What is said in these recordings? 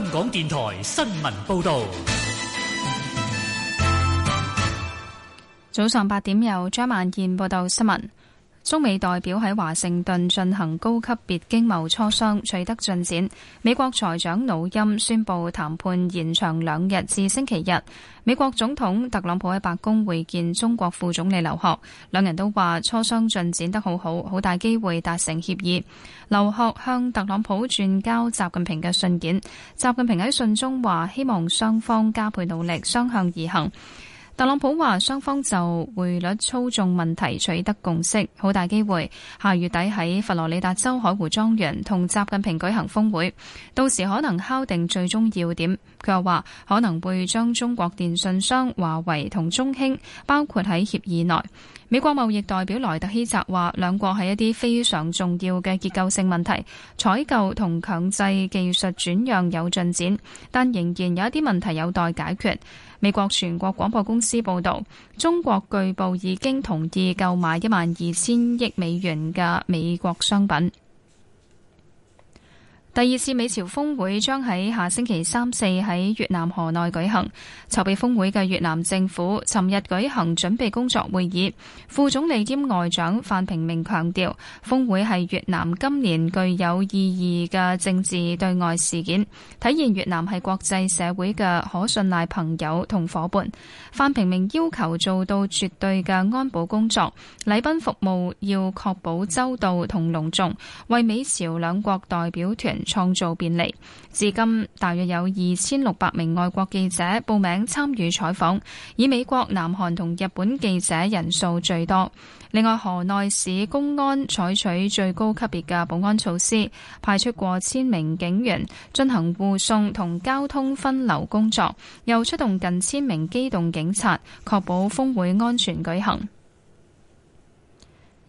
香港電台新聞報道。早上八點，由張曼燕報道新聞。中美代表喺華盛頓進行高級別經貿磋商，取得進展。美國財長努欽宣布談判延長兩日至星期日。美國總統特朗普喺白宮會見中國副總理劉鶴，兩人都話磋商進展得好好，好大機會達成協議。劉鶴向特朗普轉交習近平嘅信件，習近平喺信中話希望雙方加倍努力，雙向而行。特朗普話：雙方就匯率操縱問題取得共識，好大機會，下月底喺佛羅里達州海湖莊園同習近平舉行峰會，到時可能敲定最終要點。佢又話可能會將中國電信商華為同中興包括喺協議內。美國貿易代表萊特希澤話：兩國係一啲非常重要嘅結構性問題，採購同強制技術轉讓有進展，但仍然有一啲問題有待解決。美國全國廣播公司報導，中國據報已經同意購買一萬二千億美元嘅美國商品。第二次美朝峰會將喺下星期三四喺越南河內舉行。籌備峰會嘅越南政府尋日舉行準備工作會議，副總理兼外長范平明強調峰會係越南今年具有意義嘅政治對外事件，體現越南係國際社會嘅可信賴朋友同伙伴。范平明要求做到絕對嘅安保工作，禮賓服務要確保周到同隆重，為美朝兩國代表團。創造便利，至今大約有二千六百名外國記者報名參與採訪，以美國、南韓同日本記者人數最多。另外，河內市公安採取最高級別嘅保安措施，派出過千名警員進行護送同交通分流工作，又出動近千名機動警察，確保峰會安全舉行。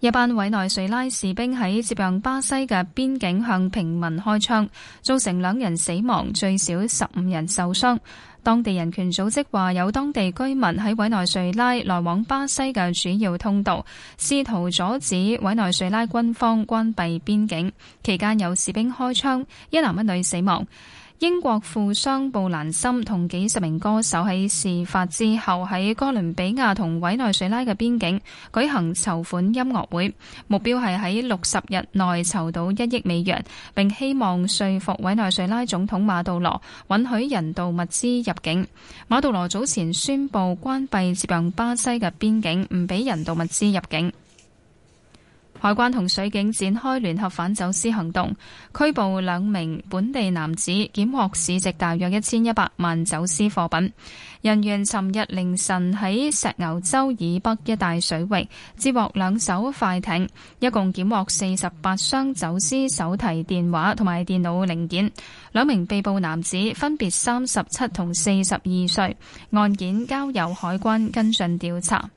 一班委內瑞拉士兵喺接壤巴西嘅邊境向平民開槍，造成兩人死亡，最少十五人受傷。當地人權組織話，有當地居民喺委內瑞拉來往巴西嘅主要通道，試圖阻止委內瑞拉軍方關閉邊境，期間有士兵開槍，一男一女死亡。英國富商布蘭森同幾十名歌手喺事發之後喺哥倫比亞同委內瑞拉嘅邊境舉行籌款音樂會，目標係喺六十日內籌到一億美元，並希望說服委內瑞拉總統馬杜羅允許人道物資入境。馬杜羅早前宣布關閉接壤巴西嘅邊境，唔俾人道物資入境。海關同水警展開聯合反走私行動，拘捕兩名本地男子，檢獲市值大約一千一百萬走私貨品。人員尋日凌晨喺石牛洲以北一帶水域，截獲兩艘快艇，一共檢獲四十八箱走私手提電話同埋電腦零件。兩名被捕男子分別三十七同四十二歲，案件交由海關跟進調查。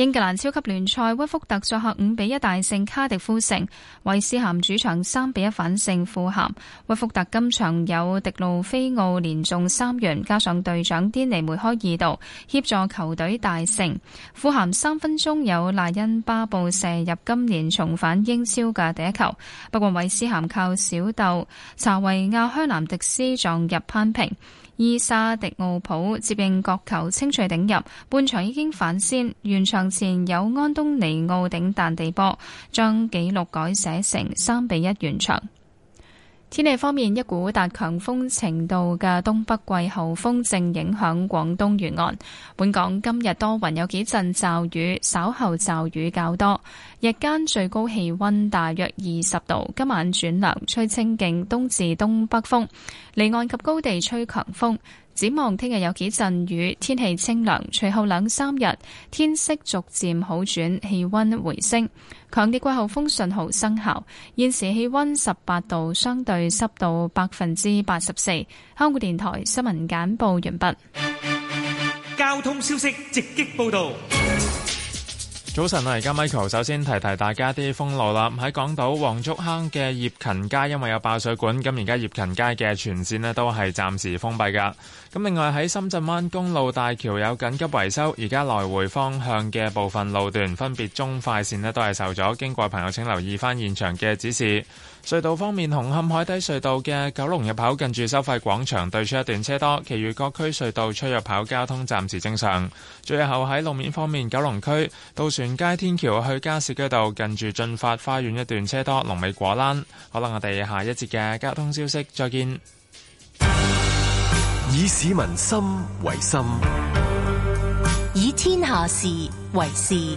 英格蘭超級聯賽，屈福特作客五比一大勝卡迪夫城。韋斯咸主場三比一反勝富咸。屈福特今場有迪路菲奧連中三元，加上隊長迪尼梅開二度，協助球隊大勝。富咸三分鐘有賴恩巴布射入今年重返英超嘅第一球，不過韋斯咸靠小豆查維亞香南迪斯撞入扳平。伊沙迪奧普接應角球清脆頂入，半場已經反先。完場前有安東尼奧頂彈地波，將紀錄改寫成三比一完場。天氣方面，一股達強風程度嘅東北季候風正影響廣東沿岸。本港今日多雲，有幾陣驟雨，稍後驟雨較多。日間最高氣温大約二十度。今晚轉涼，吹清勁東至東北風，離岸及高地吹強風。展望聽日有幾陣雨，天氣清涼，隨後兩三日，天色逐漸好轉，氣溫回升。強烈季候風信號生效，現時氣溫十八度，相對濕度百分之八十四。香港電台新聞簡報完畢。交通消息直擊報道。早晨啊，而家 Michael 首先提提大家啲封路啦。喺港島黃竹坑嘅業勤街，因為有爆水管，咁而家業勤街嘅全綫呢都係暫時封閉噶。咁另外喺深圳灣公路大橋有緊急維修，而家來回方向嘅部分路段分別中快綫呢都係受阻，經過朋友請留意翻現場嘅指示。隧道方面，紅磡海底隧道嘅九龍入口近住收費廣場對出一段車多，其餘各區隧道出入口交通暫時正常。最後喺路面方面，九龍區渡船街天橋去加士居道近住駿發花園一段車多，龍尾果欄。好喇，我哋下一節嘅交通消息再見。以市民心為心，以天下事為事。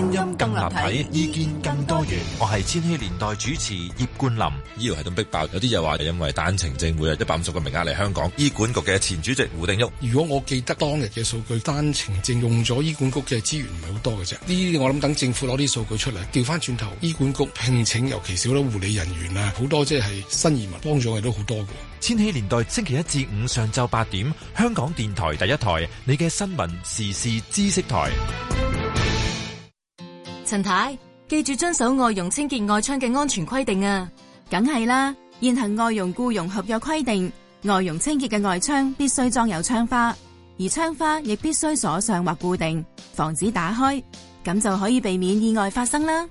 聲音更立體，意見更多元。我係千禧年代主持葉冠霖。醫療系統逼爆，有啲又話係因為單程證，每日一百五十個名額嚟香港。醫管局嘅前主席胡定旭。如果我記得當日嘅數據，單程證用咗醫管局嘅資源唔係好多嘅啫。呢啲，我諗等政府攞啲數據出嚟，調翻轉頭，醫管局聘請尤其少咗護理人員啊，好多即係新移民幫咗我哋都好多嘅。千禧年代星期一至五上晝八點，香港電台第一台，你嘅新聞時事知識台。陳太，太，記住遵守外傭清潔外窗嘅安全規定啊！梗係啦，現行外傭僱傭合約規定，外傭清潔嘅外窗必須裝有窗花，而窗花亦必須鎖上或固定，防止打開，咁就可以避免意外發生啦。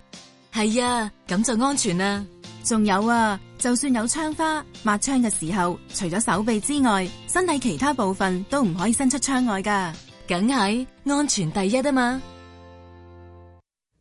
係啊，咁就安全啦。仲有啊，就算有窗花，抹窗嘅時候，除咗手臂之外，身體其他部分都唔可以伸出窗外噶。梗係安全第一啊嘛！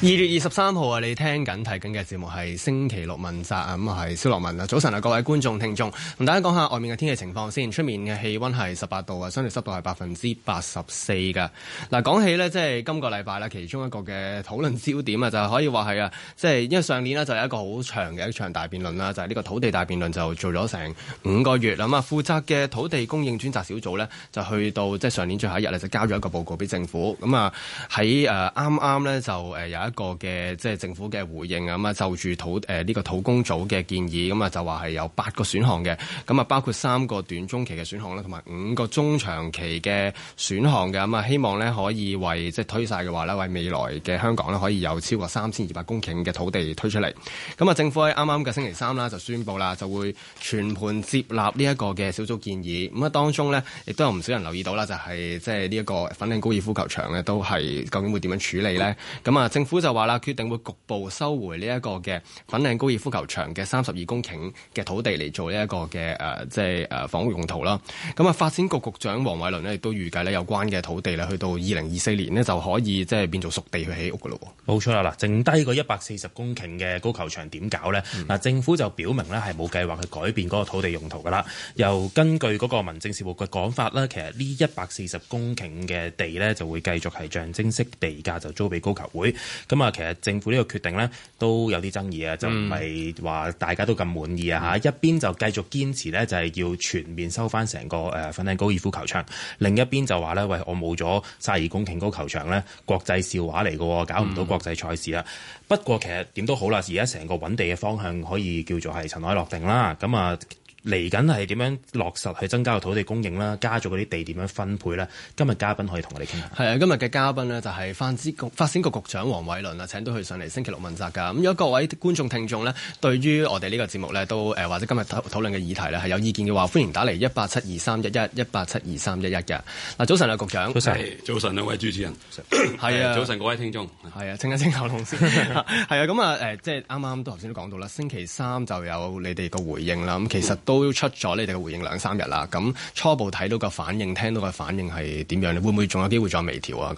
二月二十三號啊，你聽緊睇緊嘅節目係星期六問責啊，咁啊係蕭樂文啊，早晨啊各位觀眾聽眾，同大家講下外面嘅天氣情況先。出面嘅氣溫係十八度啊，相對濕度係百分之八十四嘅。嗱，講起呢，即係今個禮拜啦，其中一個嘅討論焦點啊，就係、是、可以話係啊，即係因為上年呢，就有一個好長嘅一場大辯論啦，就係、是、呢個土地大辯論就做咗成五個月啦。咁啊，負責嘅土地供應專責小組呢，就去到即係上年最後一日呢就交咗一個報告俾政府。咁啊，喺誒啱啱呢，呃、剛剛就誒、呃、有。一個嘅即係政府嘅回應，咁啊、嗯，就住土誒呢、呃這個土供組嘅建議，咁、嗯、啊就話係有八個選項嘅，咁、嗯、啊包括三個短中期嘅選項啦，同埋五個中長期嘅選項嘅，咁、嗯、啊希望呢可以為即係推晒嘅話咧，為未來嘅香港呢可以有超過三千二百公頃嘅土地推出嚟。咁、嗯、啊，政府喺啱啱嘅星期三啦就宣布啦，就會全盤接納呢一個嘅小組建議。咁、嗯、啊當中呢，亦都有唔少人留意到啦，就係即係呢一個粉嶺高爾夫球場呢都係究竟會點樣處理呢？咁、嗯、啊、嗯、政府。就話啦，決定會局部收回呢一個嘅粉嶺高爾夫球場嘅三十二公頃嘅土地嚟做呢、這、一個嘅誒，即係誒房屋用途啦。咁、呃、啊，發、呃、展、呃呃呃呃呃、局局長黃偉綸呢亦都預計咧有關嘅土地咧，去到二零二四年咧就可以即係變做熟地去起屋噶咯。冇錯啦，嗱，剩低個一百四十公頃嘅高球場點搞呢？嗱，嗯、政府就表明咧係冇計劃去改變嗰個土地用途噶啦。又根據嗰個民政事務嘅講法咧，其實呢一百四十公頃嘅地呢就會繼續係象徵式地價就租俾高球會。咁啊，其實政府呢個決定咧都有啲爭議啊，就唔係話大家都咁滿意啊、嗯、一邊就繼續堅持咧，就係要全面收翻成個誒粉嶺高爾夫球場；另一邊就話咧，喂，我冇咗卅二公頃高球場咧，國際笑話嚟噶喎，搞唔到國際賽事啦。嗯、不過其實點都好啦，而家成個揾地嘅方向可以叫做係塵埃落定啦。咁、嗯、啊～嚟緊係點樣落實去增加個土地供應啦？加咗嗰啲地點樣分配咧？今日嘉賓可以同我哋傾下。係啊，今日嘅嘉賓呢，就係發展局發展局局長黃偉綸啊，請到佢上嚟星期六問責㗎。咁如果各位觀眾聽眾呢，對於我哋呢個節目呢，都誒或者今日討討論嘅議題呢，係有意見嘅話，歡迎打嚟一八七二三一一一八七二三一一嘅。嗱，早晨啊，局長。早晨。早晨，兩位主持人。係啊的。的早晨，各位聽眾。係啊的，的清一清喉嚨先。係啊， 咁啊誒，即係啱啱都頭先都講到啦，星期三就有你哋個回應啦。咁其實。都出咗你哋嘅回應兩三日啦，咁初步睇到個反應，聽到個反應係點樣咧？會唔會仲有機會再微調啊？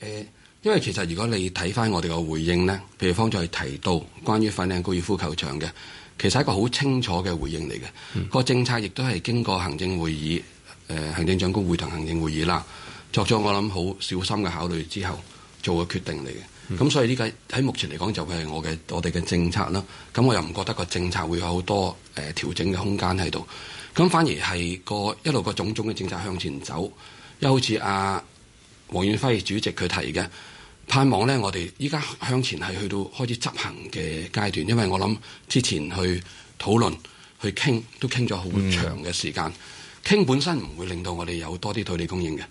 咁誒，因為其實如果你睇翻我哋個回應呢，譬如方再提到關於粉嶺高爾夫球場嘅，其實係一個好清楚嘅回應嚟嘅。個、嗯、政策亦都係經過行政會議誒行政長官會同行政會議啦，作咗我諗好小心嘅考慮之後做嘅決定嚟嘅。咁、嗯、所以呢個喺目前嚟講，就係我嘅我哋嘅政策啦。咁我又唔覺得個政策會有好多誒調、呃、整嘅空間喺度。咁反而係個一路個種種嘅政策向前走。又好似阿黃遠輝主席佢提嘅，盼望咧我哋依家向前係去到開始執行嘅階段。因為我諗之前去討論去傾都傾咗好長嘅時間，傾、嗯、本身唔會令到我哋有多啲土地供應嘅。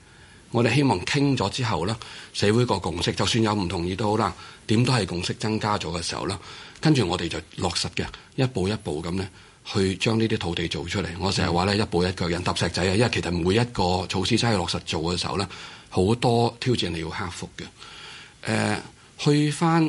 我哋希望傾咗之後，呢社會個共識，就算有唔同意好都好啦，點都係共識增加咗嘅時候呢，跟住我哋就落實嘅，一步一步咁呢去將呢啲土地做出嚟。我成日話呢，一步一個腳印揼石仔啊，因為其實每一個措施真係落實做嘅時候呢，好多挑戰你要克服嘅、呃。去翻，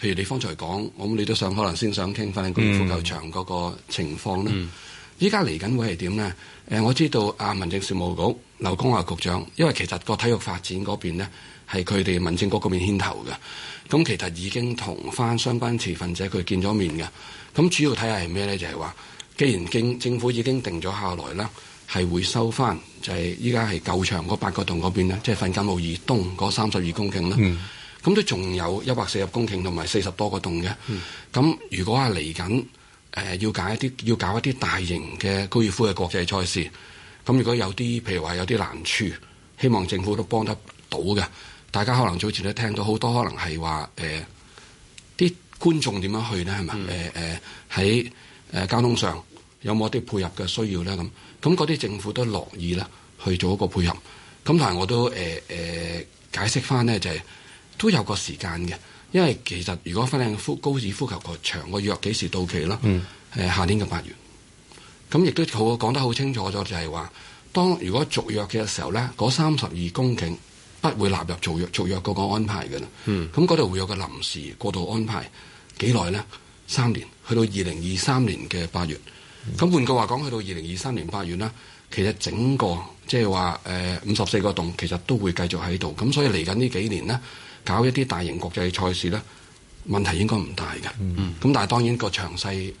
譬如你方才講，我咁你都想可能先想傾翻高爾夫球場嗰個情況呢。依家嚟緊會係點呢？誒、呃、我知道啊，民政事務局劉江華局長，因為其實個體育發展嗰邊呢，係佢哋民政局嗰邊牽頭嘅，咁其實已經同翻相關持份者佢見咗面嘅。咁主要睇下係咩咧？就係、是、話，既然政政府已經定咗下來啦，係會收翻，就係依家係舊場嗰八個洞嗰邊呢，即係粉嶺路以東嗰三十二公頃啦。咁都仲有一百四十公頃同埋四十多個洞嘅。咁、嗯、如果係嚟緊。誒、呃、要搞一啲要搞一啲大型嘅高爾夫嘅國際賽事，咁如果有啲譬如話有啲難處，希望政府都幫得到嘅。大家可能早前都聽到好多可能係話誒啲觀眾點樣去呢？係咪？誒喺、嗯呃呃呃、交通上有冇啲配合嘅需要咧咁？咁嗰啲政府都樂意啦，去做一個配合。咁同埋我都誒、呃呃、解釋翻呢，就係、都有個時間嘅。因為其實如果粉嶺高爾夫球個場個約幾時到期啦？誒、嗯呃、夏天嘅八月，咁亦都好講得好清楚咗，就係話當如果續約嘅時候呢，嗰三十二公頃不會納入續約續約嗰個安排嘅啦。咁嗰度會有個臨時過渡安排幾耐呢？三年，去到二零二三年嘅八月。咁、嗯、換句話講，去到二零二三年八月啦，其實整個即係話誒五十四個洞其實都會繼續喺度。咁所以嚟緊呢幾年呢，搞一啲大型國際賽事咧，問題應該唔大嘅。咁、嗯、但係當然個詳細誒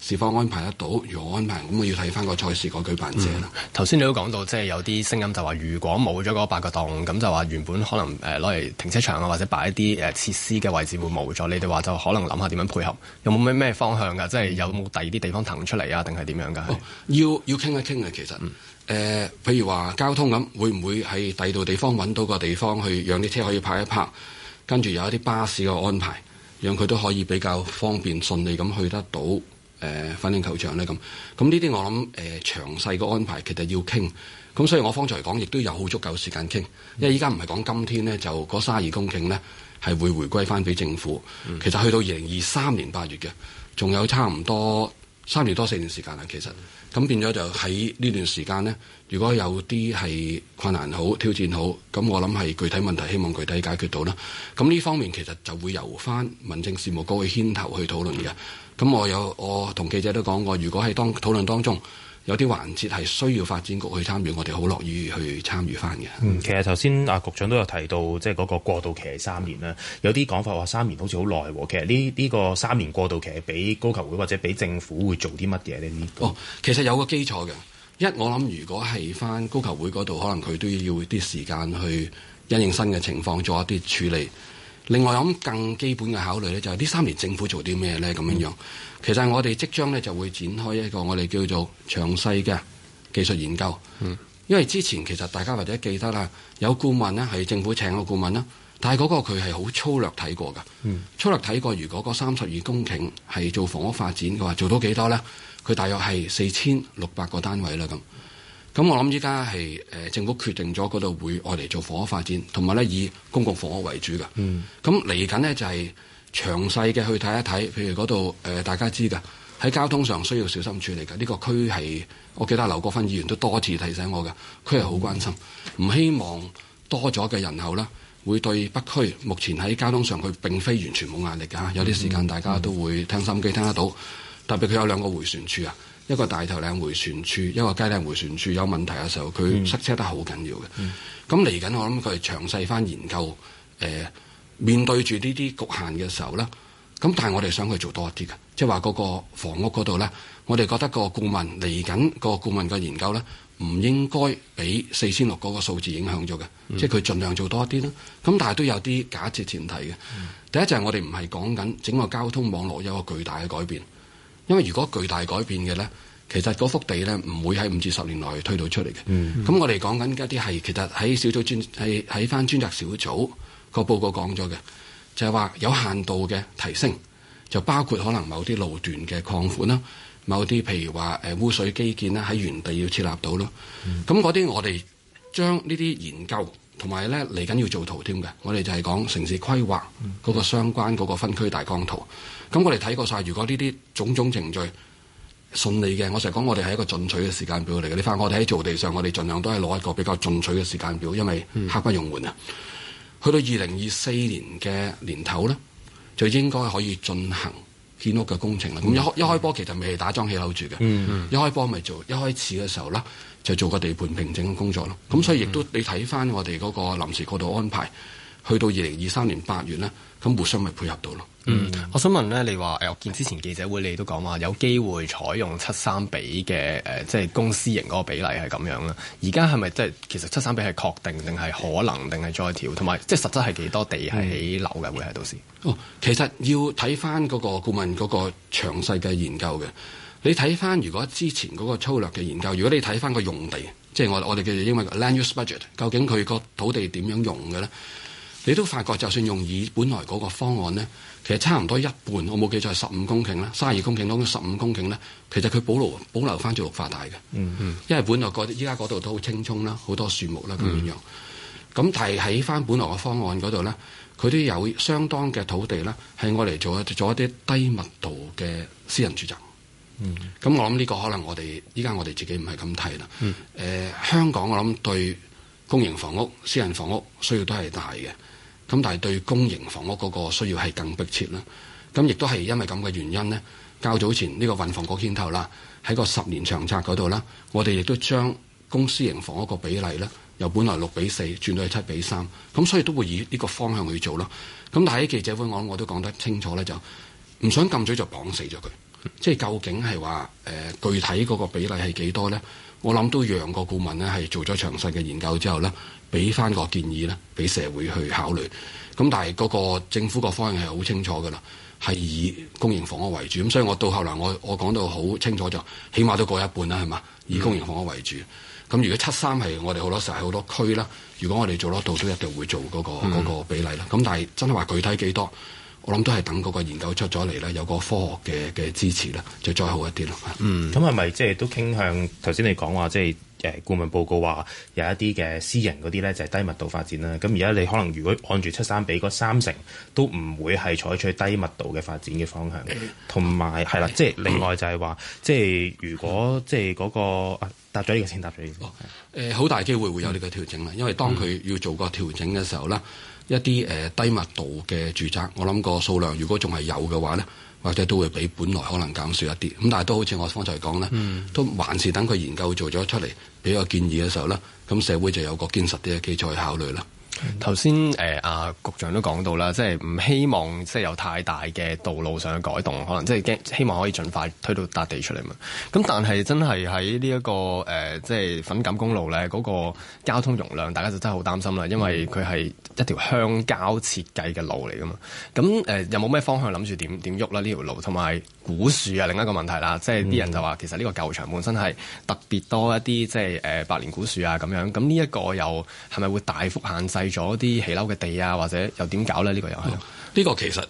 是否安排得到，如何安排，咁啊要睇翻個賽事、個舉辦者啦。頭先、嗯、你都講到，即係有啲聲音就話，如果冇咗嗰八個檔，咁就話原本可能誒攞嚟停車場啊，或者擺一啲誒設施嘅位置會冇咗。你哋話就可能諗下點樣配合，有冇咩咩方向㗎？即係有冇第二啲地方騰出嚟啊？定係點樣㗎、哦？要要傾一傾嘅，其實。嗯誒，譬、呃、如話交通咁，會唔會喺第二度地方揾到個地方去，讓啲車可以泊一泊？跟住有一啲巴士嘅安排，讓佢都可以比較方便順利咁去得到誒、呃、粉嶺球場咧咁。咁呢啲我諗誒、呃、詳細嘅安排其實要傾。咁所以我方才講講，亦都有好足夠時間傾，因為依家唔係講今天咧，就嗰卅二公頃咧係會回歸翻俾政府。嗯、其實去到二零二三年八月嘅，仲有差唔多。三年多四年時間啦，其實，咁變咗就喺呢段時間咧，如果有啲係困難好挑戰好，咁我諗係具體問題希望具體解決到啦。咁呢方面其實就會由翻民政事務局去牽頭去討論嘅。咁我有我同記者都講過，如果喺當討論當中。有啲環節係需要發展局去參與，我哋好樂意去參與翻嘅。嗯，其實頭先阿局長都有提到，即係嗰個過渡期係三年啦。嗯、有啲講法話三年好似好耐喎。其實呢呢、呢個三年過渡期，係俾高球會或者俾政府會做啲乜嘢呢？哦，其實有個基礎嘅。一，我諗如果係翻高球會嗰度，可能佢都要啲時間去因應新嘅情況，做一啲處理。另外，我諗更基本嘅考慮呢，就係呢三年政府做啲咩呢？咁樣樣。其實我哋即將呢就會展開一個我哋叫做詳細嘅技術研究。嗯，因為之前其實大家或者記得啦，有顧問呢係政府請個顧問啦，但係嗰個佢係好粗略睇過噶，嗯、粗略睇過。如果嗰三十二公頃係做房屋發展嘅話，做到幾多呢？佢大約係四千六百個單位啦，咁。咁我諗依家係政府決定咗嗰度會外嚟做房屋發展，同埋咧以公共房屋為主嘅。咁嚟緊呢，就係、是、詳細嘅去睇一睇，譬如嗰度、呃、大家知嘅喺交通上需要小心處理嘅。呢、這個區係我記得劉國芬議員都多次提醒我嘅，佢係好關心，唔、嗯、希望多咗嘅人口啦，會對北區目前喺交通上佢並非完全冇壓力嘅。有啲時間大家都會聽心機聽得到，嗯、特別佢有兩個迴旋處啊。一個大頭嶺迴旋處，一個雞嶺迴旋處有問題嘅時候，佢塞車得好緊要嘅。咁嚟緊，嗯、我諗佢係詳細翻研究。誒、呃，面對住呢啲局限嘅時候咧，咁但係我哋想佢做多啲嘅，即係話嗰個房屋嗰度咧，我哋覺得個顧問嚟緊個顧問嘅研究咧，唔應該俾四千六嗰個數字影響咗嘅。嗯、即係佢盡量做多啲啦。咁但係都有啲假設前提嘅。嗯、第一就係我哋唔係講緊整個交通網絡有一個巨大嘅改變。因為如果巨大改變嘅呢，其實嗰幅地呢唔會喺五至十年內推到出嚟嘅。咁、嗯嗯、我哋講緊一啲係其實喺小組專喺喺翻專責小組個報告講咗嘅，就係、是、話有限度嘅提升，就包括可能某啲路段嘅擴闊啦，嗯、某啲譬如話污水基建啦喺原地要設立到咯。咁嗰啲我哋將呢啲研究同埋呢嚟緊要做圖添嘅，我哋就係講城市規劃嗰個相關嗰個分區大綱圖。咁我哋睇過晒，如果呢啲種種程序順利嘅，我成日講我哋係一個進取嘅時間表嚟嘅。你睇返我哋喺造地上，我哋盡量都係攞一個比較進取嘅時間表，因為刻不容緩啊！嗯、去到二零二四年嘅年頭咧，就應該可以進行建屋嘅工程啦。咁、嗯、一開一開波其實未係打樁起樓住嘅，嗯嗯一開波咪做。一開始嘅時候咧，就做個地盤平整嘅工作咯。咁、嗯嗯、所以亦都你睇翻我哋嗰個臨時過渡安排，去到二零二三年八月咧，咁互相咪配合到咯。嗯，我想問咧，你話誒，我見之前記者會，你都講話有機會採用七三比嘅誒，即、呃、係公私型嗰個比例係咁樣啦。而家係咪即係其實七三比係確定定係可能定係再調？同埋即係實質係幾多地係起樓嘅、嗯、會喺到時哦。其實要睇翻嗰個顧問嗰個詳細嘅研究嘅。你睇翻如果之前嗰個粗略嘅研究，如果你睇翻個用地，即係我我哋叫做英文 land use budget，究竟佢個土地點樣用嘅咧？你都發覺就算用以本來嗰個方案咧。其實差唔多一半，我冇記錯係十五公頃啦，卅二公頃當十五公頃咧，其實佢保留保留翻住綠化帶嘅，mm hmm. 因為本來嗰依家度都好青蔥啦，好多樹木啦咁樣。咁提喺翻本來嘅方案嗰度咧，佢都有相當嘅土地啦，係我嚟做一做一啲低密度嘅私人住宅。咁、mm hmm. 我諗呢個可能我哋依家我哋自己唔係咁睇啦。誒、mm hmm. 呃，香港我諗對公營房屋、私人房屋需要都係大嘅。咁但係對公營房屋嗰個需要係更迫切啦。咁亦都係因為咁嘅原因呢，較早前呢個運房局牽頭啦，喺個十年長策嗰度啦，我哋亦都將公私營房屋個比例呢，由本來六比四轉到去七比三，咁所以都會以呢個方向去做咯。咁但係喺記者會我我都講得清楚呢，就唔想咁早就綁死咗佢，即係究竟係話誒具體嗰個比例係幾多呢？我諗都讓個顧問呢，係做咗詳細嘅研究之後呢，俾翻個建議呢，俾社會去考慮。咁但係嗰個政府嗰方向係好清楚㗎啦，係以公營房屋為主。咁所以我到後來我我講到好清楚就是，起碼都過一半啦，係嘛？以公營房屋為主。咁、嗯、如果七三係我哋好多時候係好多區啦，如果我哋做得到都一定會做嗰、嗰個嗰、嗯、比例啦。咁但係真係話具體幾多？我諗都係等嗰個研究出咗嚟啦，有個科學嘅嘅支持啦，就再好一啲咯。嗯，咁係咪即係都傾向頭先你講話，即係誒顧問報告話有一啲嘅私人嗰啲咧就係低密度發展啦。咁而家你可能如果按住七三比嗰三成都唔會係採取低密度嘅發展嘅方向。同埋係啦，即係另外就係話，即係、嗯、如果即係嗰個啊搭咗呢個先，搭咗呢個。誒、啊，好、哦呃、大機會會有呢個調整啦，嗯、因為當佢要做個調整嘅時候咧。嗯一啲誒低密度嘅住宅，我諗個數量如果仲係有嘅話咧，或者都會比本來可能減少一啲。咁但係都好似我方才講咧，嗯、都還是等佢研究做咗出嚟，俾個建議嘅時候咧，咁社會就有個堅實啲嘅基礎去考慮啦。頭先誒阿局長都講到啦，即係唔希望即係有太大嘅道路上嘅改動，可能即係驚希望可以盡快推到達地出嚟嘛。咁但係真係喺呢一個、呃、即係粉錦公路咧嗰、嗰個交通容量，大家就真係好擔心啦，因為佢係一條鄉郊設計嘅路嚟噶嘛。咁、呃、有冇咩方向諗住點點喐啦呢條路，同埋？古樹啊，另一個問題啦，即係啲人就話其實呢個舊場本身係特別多一啲即係誒百年古樹啊咁樣，咁呢一個又係咪會大幅限制咗啲起樓嘅地啊，或者又點搞咧？呢個又係呢個其實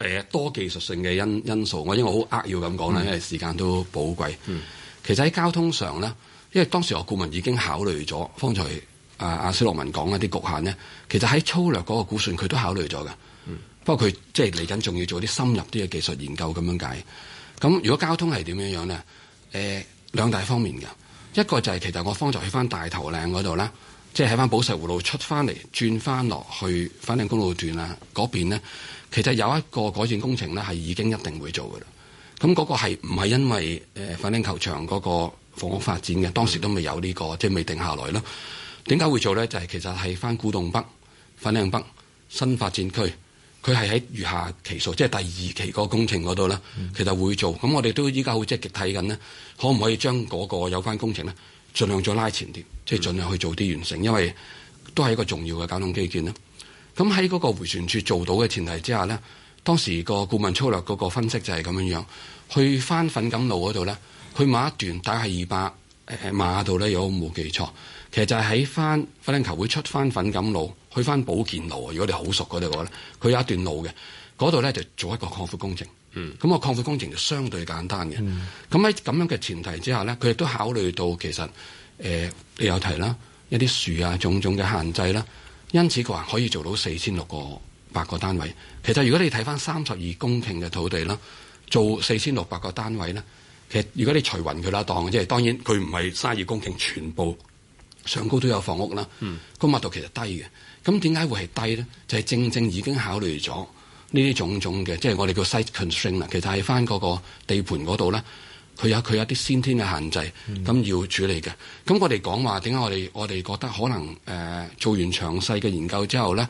誒多技術性嘅因因素，我因為好扼要咁講啦，因為時間都寶貴。嗯、其實喺交通上咧，因為當時我顧問已經考慮咗，方才阿阿斯羅文講嗰啲局限咧，其實喺粗略嗰個估算佢都考慮咗㗎。不過佢即係嚟緊，仲要做啲深入啲嘅技術研究咁樣解。咁如果交通係點樣樣呢？誒、呃，兩大方面嘅一個就係其實我方才去返大頭嶺嗰度啦，即係喺返寶石湖路出返嚟，轉返落去粉嶺公路段啦。嗰邊呢，其實有一個改善工程呢，係已經一定會做嘅啦。咁、那、嗰個係唔係因為誒粉嶺球場嗰個房屋發展嘅？當時都未有呢、這個，即係未定下來啦。點解會做呢？就係、是、其實係返古洞北粉嶺北新發展區。佢係喺餘下期數，即係第二期個工程嗰度咧，其實會做。咁我哋都依家好積極睇緊咧，可唔可以將嗰個有關工程咧，儘量再拉前啲，即係儘量去做啲完成，因為都係一個重要嘅交通基建啦。咁喺嗰個回旋處做到嘅前提之下咧，當時個顧問粗略嗰個分析就係咁樣樣，去翻粉錦路嗰度咧，佢買一段大 200,、呃，大概二百誒碼度咧，有冇記錯？其實就係喺翻粉嶺球會出翻粉錦路，去翻保健路。如果你好熟嗰度嘅話咧，佢有一段路嘅嗰度咧，就做一個擴闊工程。嗯，咁個擴闊工程就相對簡單嘅。咁喺咁樣嘅前提之下咧，佢亦都考慮到其實誒、呃、你有提啦一啲樹啊，種種嘅限制啦，因此佢話可以做到四千六個八個單位。其實如果你睇翻三十二公頃嘅土地啦，做四千六百個單位咧，其實如果你除雲佢啦，當即係當然佢唔係三二公頃全部。上高都有房屋啦，個密度其實低嘅，咁點解會係低咧？就係、是、正正已經考慮咗呢啲種種嘅，即、就、係、是、我哋叫 site constraint 啦。其實係翻嗰個地盤嗰度咧，佢有佢有啲先天嘅限制，咁、嗯、要處理嘅。咁我哋講話點解我哋我哋覺得可能誒、呃、做完詳細嘅研究之後咧，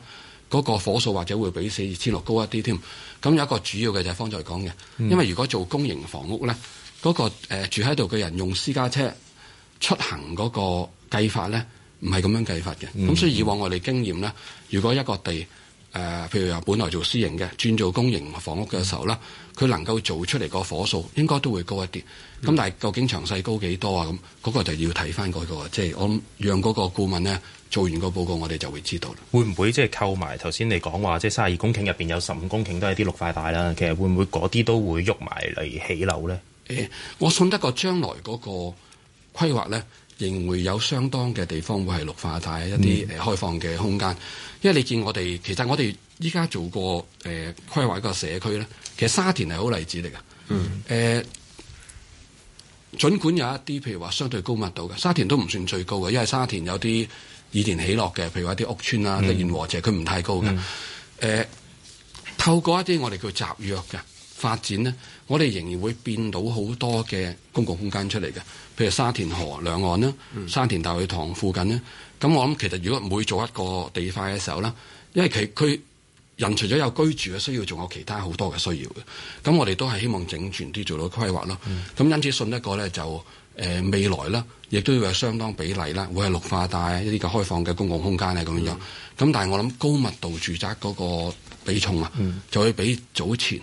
嗰、那個火數或者會比四二千六高一啲添。咁有一個主要嘅就係方才講嘅，因為如果做公營房屋咧，嗰、那個、呃、住喺度嘅人用私家車出行嗰、那個。計法咧唔係咁樣計法嘅，咁、嗯、所以以往我哋經驗咧，如果一個地誒、呃，譬如話本來做私營嘅，轉做公營房屋嘅時候咧，佢、嗯、能夠做出嚟個火數應該都會高一啲。咁、嗯、但係究竟詳細高幾多啊？咁、那、嗰個就要睇返嗰個，即、就、係、是、我讓嗰個顧問咧做完個報告，我哋就會知道會會唔會即係扣埋頭先你講話，即係三十二公頃入面有十五公頃都係啲綠化帶啦，其實會唔會嗰啲都會喐埋嚟起樓咧、欸？我信得過將來嗰個規劃咧。仍會有相當嘅地方會係綠化帶、一啲誒開放嘅空間，嗯、因為你見我哋其實我哋依家做過誒、呃、規劃一個社區咧，其實沙田係好例子嚟噶。誒、嗯呃，儘管有一啲譬如話相對高密度嘅，沙田都唔算最高嘅，因為沙田有啲以田起落嘅，譬如話一啲屋邨啦、蓮、嗯、禾輋，佢唔太高嘅。誒、嗯呃，透過一啲我哋叫集約嘅發展咧。我哋仍然會變到好多嘅公共空間出嚟嘅，譬如沙田河兩岸啦，嗯、沙田大會堂附近呢。咁我諗其實如果每做一個地塊嘅時候咧，因為其佢人除咗有居住嘅需要，仲有其他好多嘅需要嘅。咁我哋都係希望整全啲做到規劃咯。咁、嗯、因此，信得過咧就、呃、未來啦，亦都要有相當比例啦，會係綠化帶一啲嘅開放嘅公共空間啊咁樣樣。咁、嗯、但係我諗高密度住宅嗰個比重啊，嗯、就會比早前。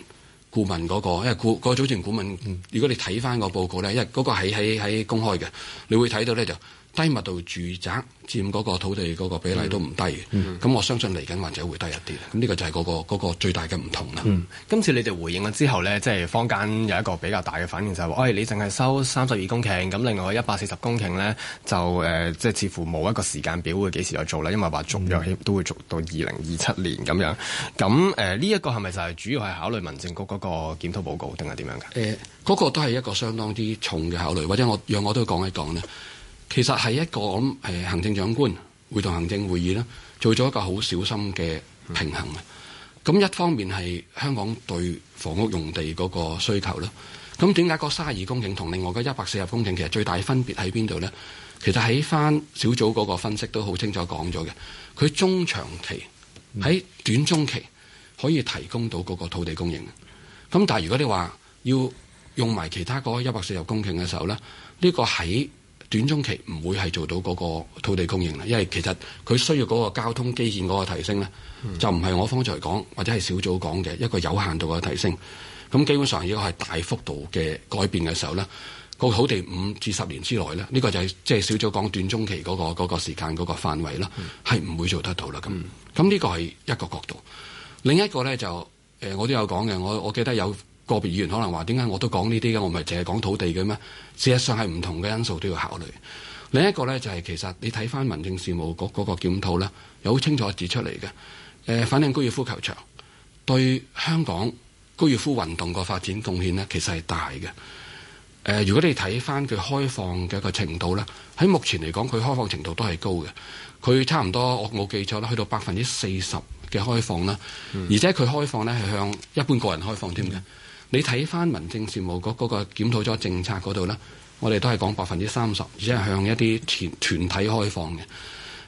顧問嗰、那個，因為顧嗰個組團顧問，如果你睇返個報告咧，因為嗰個係係公開嘅，你會睇到咧就。低密度住宅佔嗰個土地嗰個比例都唔低嘅，咁、嗯嗯、我相信嚟緊或者會低一啲。咁呢個就係嗰、那個那個最大嘅唔同啦、嗯。今次你哋回應咗之後呢，即係坊間有一個比較大嘅反應就係、是、話：哎，你淨係收三十二公頃，咁另外一百四十公頃呢，就誒，即、呃、係似乎冇一個時間表會幾時去做咧，因為話續約都會續到二零二七年咁樣。咁誒，呢、呃、一、這個係咪就係主要係考慮民政局嗰個檢討報告定係點樣嘅？誒、呃，嗰個都係一個相當之重嘅考慮，或者我讓我都講一講咧。其實係一個咁誒行政長官會同行政會議咧，做咗一個好小心嘅平衡。咁一方面係香港對房屋用地嗰個需求啦。咁點解個卅二公頃同另外嘅一百四十公頃其實最大分別喺邊度呢？其實喺翻小組嗰個分析都好清楚講咗嘅。佢中長期喺短中期可以提供到嗰個土地供應。咁但係如果你話要用埋其他嗰一百四十公頃嘅時候呢，呢、呢個喺短中期唔會係做到嗰個土地供應啦，因為其實，佢需要嗰個交通基建嗰個提升咧，就唔係我方才講或者係小組講嘅一個有限度嘅提升。咁基本上要係大幅度嘅改變嘅時候咧，嗰個土地五至十年之內咧，呢個就係即係小組講短中期嗰個嗰個時間嗰個範圍啦，係唔、嗯、會做得到啦。咁咁呢個係一個角度。另一個咧就誒我都有講嘅，我我記得有。個別議員可能話點解我都講呢啲嘅，我唔係淨係講土地嘅咩？事實上係唔同嘅因素都要考慮。另一個呢、就係，就係其實你睇翻民政事務局嗰個檢討呢，有好清楚指出嚟嘅。粉嶺高爾夫球場對香港高爾夫運動個發展貢獻呢，其實係大嘅。如果你睇翻佢開放嘅個程度呢，喺目前嚟講，佢開放程度都係高嘅。佢差唔多我冇記錯啦，去到百分之四十嘅開放啦，嗯、而且佢開放呢係向一般個人開放添嘅。嗯你睇翻民政事務局嗰個檢討咗政策嗰度咧，我哋都係講百分之三十，而且向一啲團團體開放嘅。誒、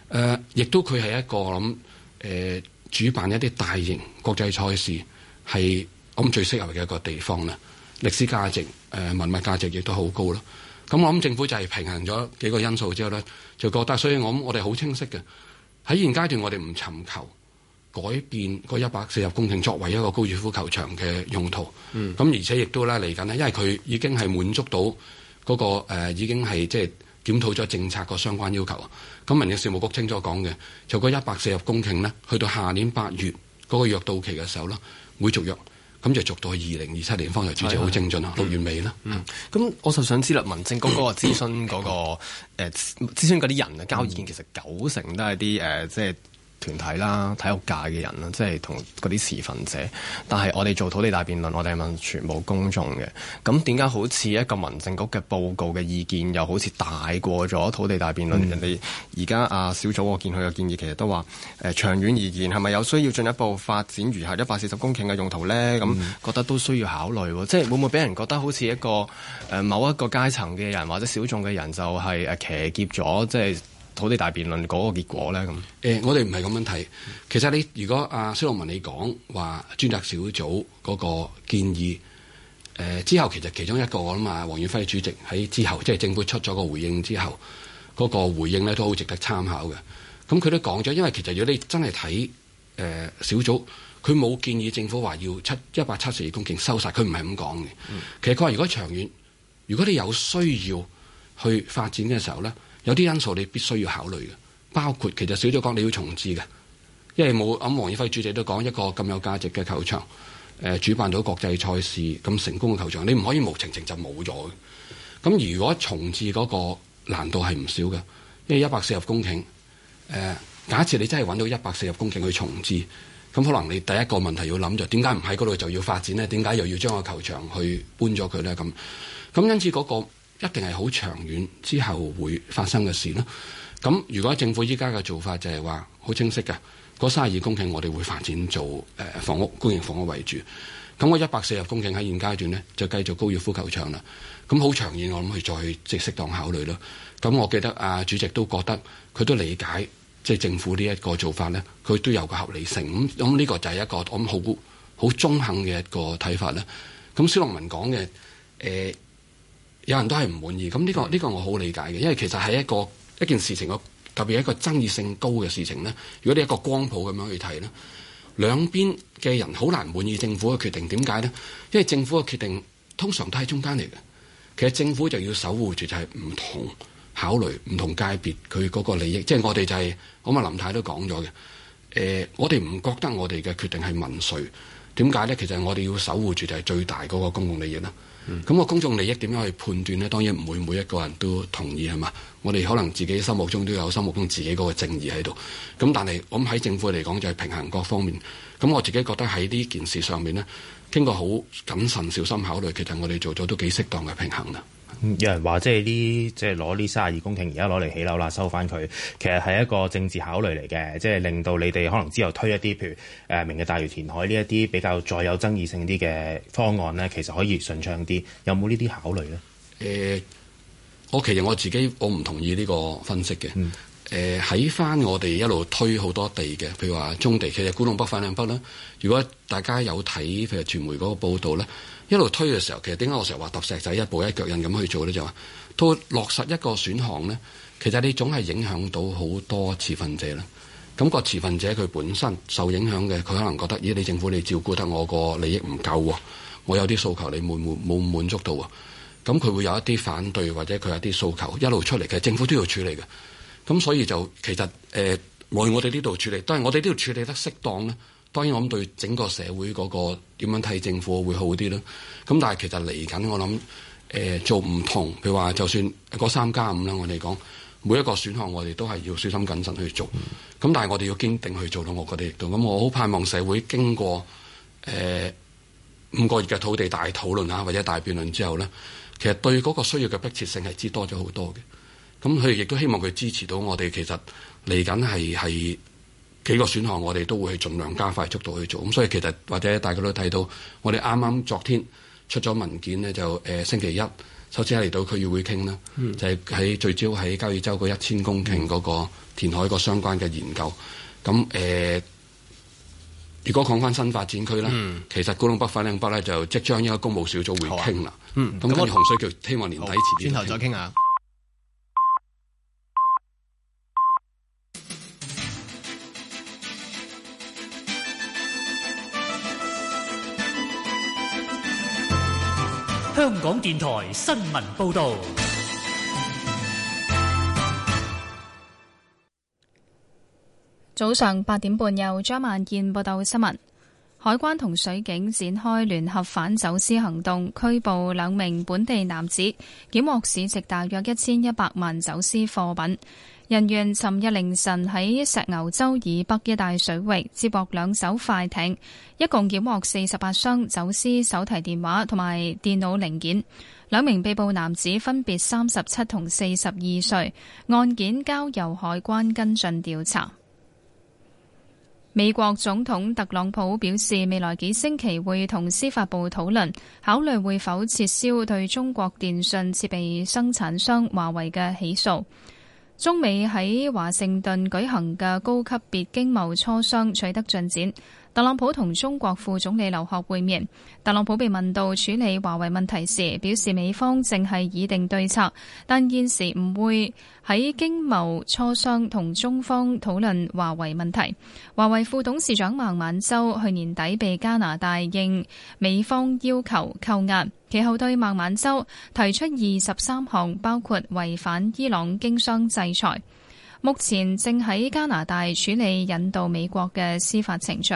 呃，亦都佢係一個諗誒、呃，主辦一啲大型國際賽事係我諗最適合嘅一個地方啦。歷史價值誒、呃，文物價值亦都好高啦。咁我諗政府就係平衡咗幾個因素之後咧，就覺得所以我我哋好清晰嘅喺現階段，我哋唔尋求。改變嗰一百四十公頃作為一個高爾夫球場嘅用途，咁、嗯、而且亦都咧嚟緊呢，因為佢已經係滿足到嗰、那個誒、呃，已經係即係檢討咗政策個相關要求。咁民政事務局清楚講嘅，就嗰一百四十公頃呢，去到下年八月嗰、那個約到期嘅時候呢，會續約，咁就續到二零二七年方向很正。又主席好精進啦，六月尾啦。嗯，咁我就想知啦，民政局嗰個諮詢嗰個誒，諮詢嗰啲人嘅、嗯、交易，其實九成都係啲誒，即係。團體啦、體育界嘅人啦，即係同嗰啲持份者。但係我哋做土地大辯論，我哋係問全部公眾嘅。咁點解好似一個民政局嘅報告嘅意見，又好似大過咗土地大辯論？嗯、人哋而家啊小組，我見佢嘅建議其實都話誒、呃、長遠而言，係咪有需要進一步發展餘下一百四十公頃嘅用途呢？咁覺得都需要考慮，即係會唔會俾人覺得好似一個誒、呃、某一個階層嘅人或者小眾嘅人就係誒騎劫咗？即係。好啲大辯論嗰、那個結果咧咁，誒、呃、我哋唔係咁樣睇。其實你如果阿孫耀文你講話專責小組嗰個建議，誒、呃、之後其實其中一個我諗啊嘛，黃遠輝主席喺之後，即、就、係、是、政府出咗個回應之後，嗰、那個回應咧都好值得參考嘅。咁佢都講咗，因為其實如果你真係睇誒小組，佢冇建議政府話要七一百七十二公頃收晒，佢唔係咁講嘅。嗯、其實佢話如果長遠，如果你有需要去發展嘅時候咧。有啲因素你必須要考慮嘅，包括其實小組講你要重置嘅，因為冇，咁黃遠輝主席都講一個咁有價值嘅球場，呃、主辦到國際賽事咁成功嘅球場，你唔可以無情情就冇咗嘅。咁如果重置嗰個難度係唔少嘅，因為一百四十公頃，誒、呃，假設你真係揾到一百四十公頃去重置，咁可能你第一個問題要諗就點解唔喺嗰度就要發展呢？點解又要將個球場去搬咗佢咧？咁，咁因此嗰、嗰個。一定係好長遠之後會發生嘅事啦。咁如果政府依家嘅做法就係話好清晰嘅，嗰三十二公頃我哋會發展做誒、房屋、公營房屋為主。咁我一百四十公頃喺現階段呢，就繼續高爾夫球場啦。咁好長遠我諗去再即係適當考慮囉。咁我記得啊主席都覺得佢都理解即係政府呢一個做法呢，佢都有個合理性。咁咁呢個就係一個咁好好中肯嘅一個睇法啦。咁小龍文講嘅有人都係唔滿意，咁呢、呢個呢、呢個我好理解嘅，因為其實係一個一件事情個特別係一個爭議性高嘅事情咧。如果你一個光譜咁樣去睇咧，兩邊嘅人好難滿意政府嘅決定，點解呢？因為政府嘅決定通常都喺中間嚟嘅。其實政府就要守護住就係唔同考慮唔同界別佢嗰個利益，即、就、係、係、我哋就係咁啊林太都講咗嘅。誒、呃，我哋唔覺得我哋嘅決定係民粹，點解呢？其實我哋要守護住就係最大嗰個公共利益啦。咁個、嗯、公眾利益點樣去判斷呢？當然唔會每一個人都同意係嘛。我哋可能自己心目中都有心目中自己嗰個正義喺度。咁但係，我喺政府嚟講就係平衡各方面。咁我自己覺得喺呢件事上面呢，經過好謹慎、小心考慮，其實我哋做咗都幾適當嘅平衡啦。有人話即係呢，即係攞呢三十二公頃而家攞嚟起樓啦，收翻佢，其實係一個政治考慮嚟嘅，即係令到你哋可能之後推一啲，譬如誒明日大嶼填海呢一啲比較再有爭議性啲嘅方案呢，其實可以順暢啲。有冇呢啲考慮呢？誒、呃，我其實我自己我唔同意呢個分析嘅。誒、嗯，喺翻、呃、我哋一路推好多地嘅，譬如話中地，其實古洞北粉嶺北啦。如果大家有睇譬如傳媒嗰個報導咧。一路推嘅時候，其實點解我成日話揼石仔一步一腳印咁去做呢？就話到落實一個選項呢，其實你總係影響到好多持份者啦。咁、那個持份者佢本身受影響嘅，佢可能覺得咦？你政府你照顧得我個利益唔夠喎，我有啲訴求你滿唔滿滿足到喎。咁佢會有一啲反對或者佢有啲訴求一路出嚟嘅，其實政府都要處理嘅。咁所以就其實誒，來、呃、我哋呢度處理，但係我哋都要處理得適當呢當然我諗對整個社會嗰、那個點樣睇政府會好啲咯。咁但係其實嚟緊我諗誒、呃、做唔同，譬如話就算個三加五啦，5，我哋講每一個選項，我哋都係要小心謹慎去做。咁但係我哋要堅定去做到我哋力度。咁我好盼望社會經過誒、呃、五個月嘅土地大討論啊，或者大辯論之後咧，其實對嗰個需要嘅迫切性係知多咗好多嘅。咁佢亦都希望佢支持到我哋。其實嚟緊係係。幾個選項，我哋都會盡量加快速度去做。咁所以其實或者大家都睇到，我哋啱啱昨天出咗文件呢，就、呃、星期一，首先係嚟到區議會傾啦，嗯、就係喺聚焦喺交易州嗰一千公頃嗰個填海個相關嘅研究。咁誒、嗯嗯呃，如果講翻新發展區呢，嗯、其實古洞北、粉嶺北咧就即將一個公務小組會傾啦、啊。嗯，咁跟住洪水橋希望年底前、啊、再傾下。香港電台新聞報道：早上八點半，由張曼燕報道新聞。海關同水警展開聯合反走私行動，拘捕兩名本地男子，檢獲市值大約一千一百萬走私貨品。人員尋日凌晨喺石牛洲以北一帶水域接駁兩艘快艇，一共檢獲四十八箱走私手提電話同埋電腦零件。兩名被捕男子分別三十七同四十二歲，案件交由海關跟進調查。美國總統特朗普表示，未來幾星期會同司法部討論，考慮會否撤銷對中國電信設備生產商華為嘅起訴。中美喺華盛頓舉行嘅高級別經貿磋商取得進展，特朗普同中國副總理劉鶴會面。特朗普被問到處理華為問題時，表示美方正係擬定對策，但現時唔會喺經貿磋商同中方討論華為問題。華為副董事長孟晚舟去年底被加拿大應美方要求扣押。其後對孟晚舟提出二十三項包括違反伊朗經商制裁，目前正喺加拿大處理引渡美國嘅司法程序。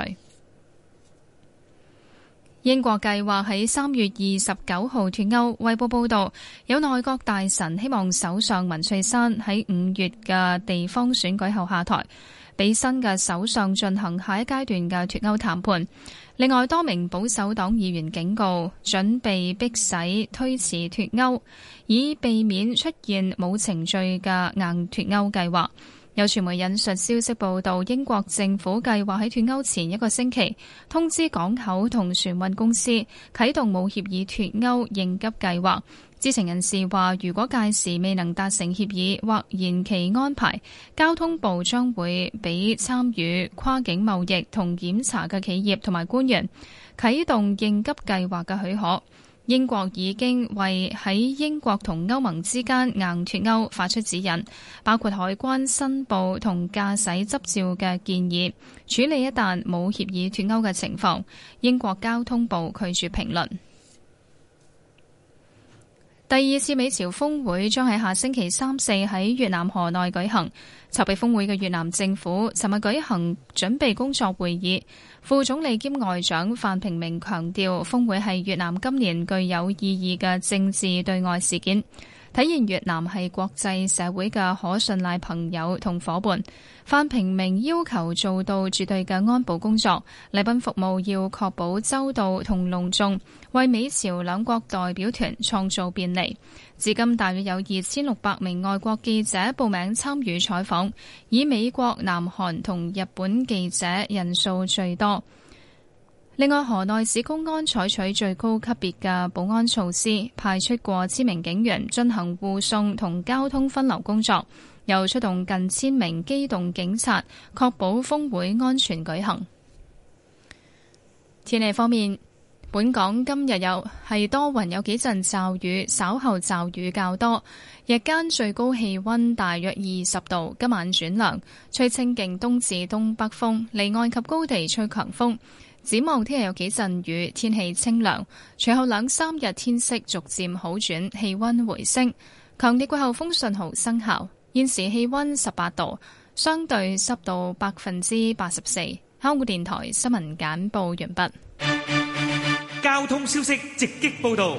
英國計劃喺三月二十九號脱歐。《衛報》報道，有內閣大臣希望首相文翠珊喺五月嘅地方選舉後下台。俾新嘅首相進行下一階段嘅脱歐談判。另外，多名保守黨議員警告，準備逼使推遲脱歐，以避免出現冇程序嘅硬脱歐計劃。有傳媒引述消息報道，英國政府計劃喺脱歐前一個星期通知港口同船運公司啟動冇協議脱歐應急計劃。知情人士話，如果屆時未能達成協議或延期安排，交通部將會俾參與跨境貿易同檢查嘅企業同埋官員啟動應急計劃嘅許可。英國已經為喺英國同歐盟之間硬脱歐發出指引，包括海關申報同駕駛執照嘅建議。處理一旦冇協議脱歐嘅情況，英國交通部拒絕評論。第二次美朝峰會將喺下星期三四喺越南河內舉行。籌備峰會嘅越南政府尋日舉行準備工作會議，副總理兼外長范平明強調，峰會係越南今年具有意義嘅政治對外事件。體現越南係國際社會嘅可信賴朋友同伙伴。范平明要求做到絕對嘅安保工作，禮賓服務要確保周到同隆重，為美朝兩國代表團創造便利。至今大約有二千六百名外國記者報名參與採訪，以美國、南韓同日本記者人數最多。另外，河內市公安採取最高級別嘅保安措施，派出過千名警員進行護送同交通分流工作，又出動近千名機動警察，確保峰會安全舉行。天氣方面，本港今日有係多雲，有幾陣驟雨，稍後驟雨較多。日間最高氣温大約二十度，今晚轉涼，吹清勁東至東北風，離岸及高地吹強風。展望聽日有幾陣雨，天氣清涼。隨後兩三日天色逐漸好轉，氣温回升。強烈季候風信號生效。現時氣温十八度，相對濕度百分之八十四。香港電台新聞簡報完畢。交通消息直擊報導。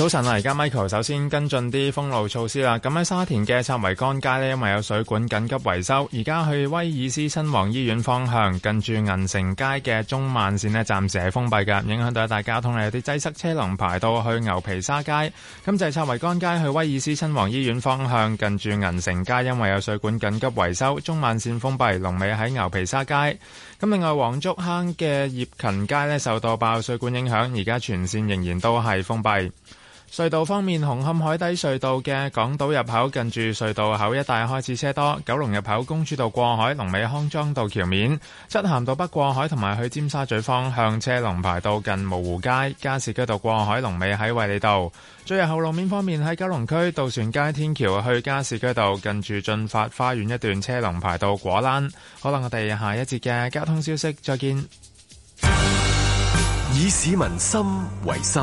早晨啊！而家 Michael 首先跟進啲封路措施啦。咁喺沙田嘅插桅杆街咧，因為有水管緊急維修，而家去威爾斯親王醫院方向，近住銀城街嘅中慢線咧，暫時係封閉嘅，影響到一帶交通咧，有啲擠塞車龍排到去牛皮沙街。咁就係插桅杆街去威爾斯親王醫院方向，近住銀城街，因為有水管緊急維修，中慢線封閉，龍尾喺牛皮沙街。咁另外黃竹坑嘅業勤街咧，受到爆水管影響，而家全線仍然都係封閉。隧道方面，紅磡海底隧道嘅港島入口近住隧道口一帶開始車多；九龍入口公主道過海、龍尾康莊道橋面、漆咸道北過海同埋去尖沙咀方向車龍排到近蕪湖街、加士居道過海龍尾喺衛理道。最後路面方面喺九龍區渡船街天橋去加士居道近住駿發花園一段車龍排到果欄。好啦，我哋下一節嘅交通消息再見。以市民心為心。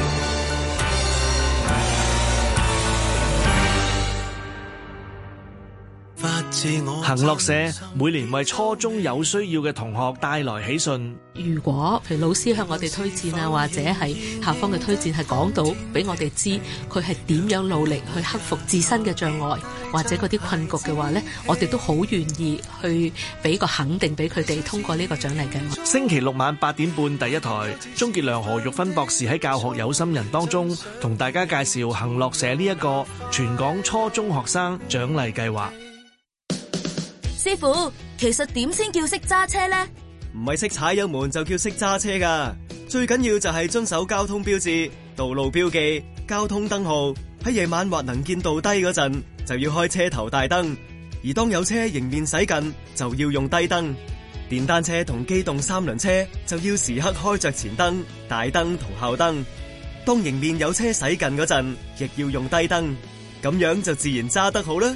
行樂社每年為初中有需要嘅同學帶來喜訊。如果，譬如老師向我哋推薦啊，或者係下方嘅推薦係講到俾我哋知佢係點樣努力去克服自身嘅障礙，或者嗰啲困局嘅話呢，我哋都好願意去俾個肯定俾佢哋通過呢個獎勵計劃。星期六晚八點半，第一台鍾杰良、何玉芬博士喺《教學有心人》當中同大家介紹行樂社呢一個全港初中學生獎勵計劃。師傅，其實點先叫識揸車呢？唔係識踩油門就叫識揸車噶，最緊要就係遵守交通標誌、道路標記、交通燈號。喺夜晚或能見度低嗰陣，就要開車頭大燈；而當有車迎面駛近，就要用低燈。電單車同機動三輪車就要時刻開着前燈、大燈同後燈。當迎面有車駛近嗰陣，亦要用低燈。咁樣就自然揸得好啦。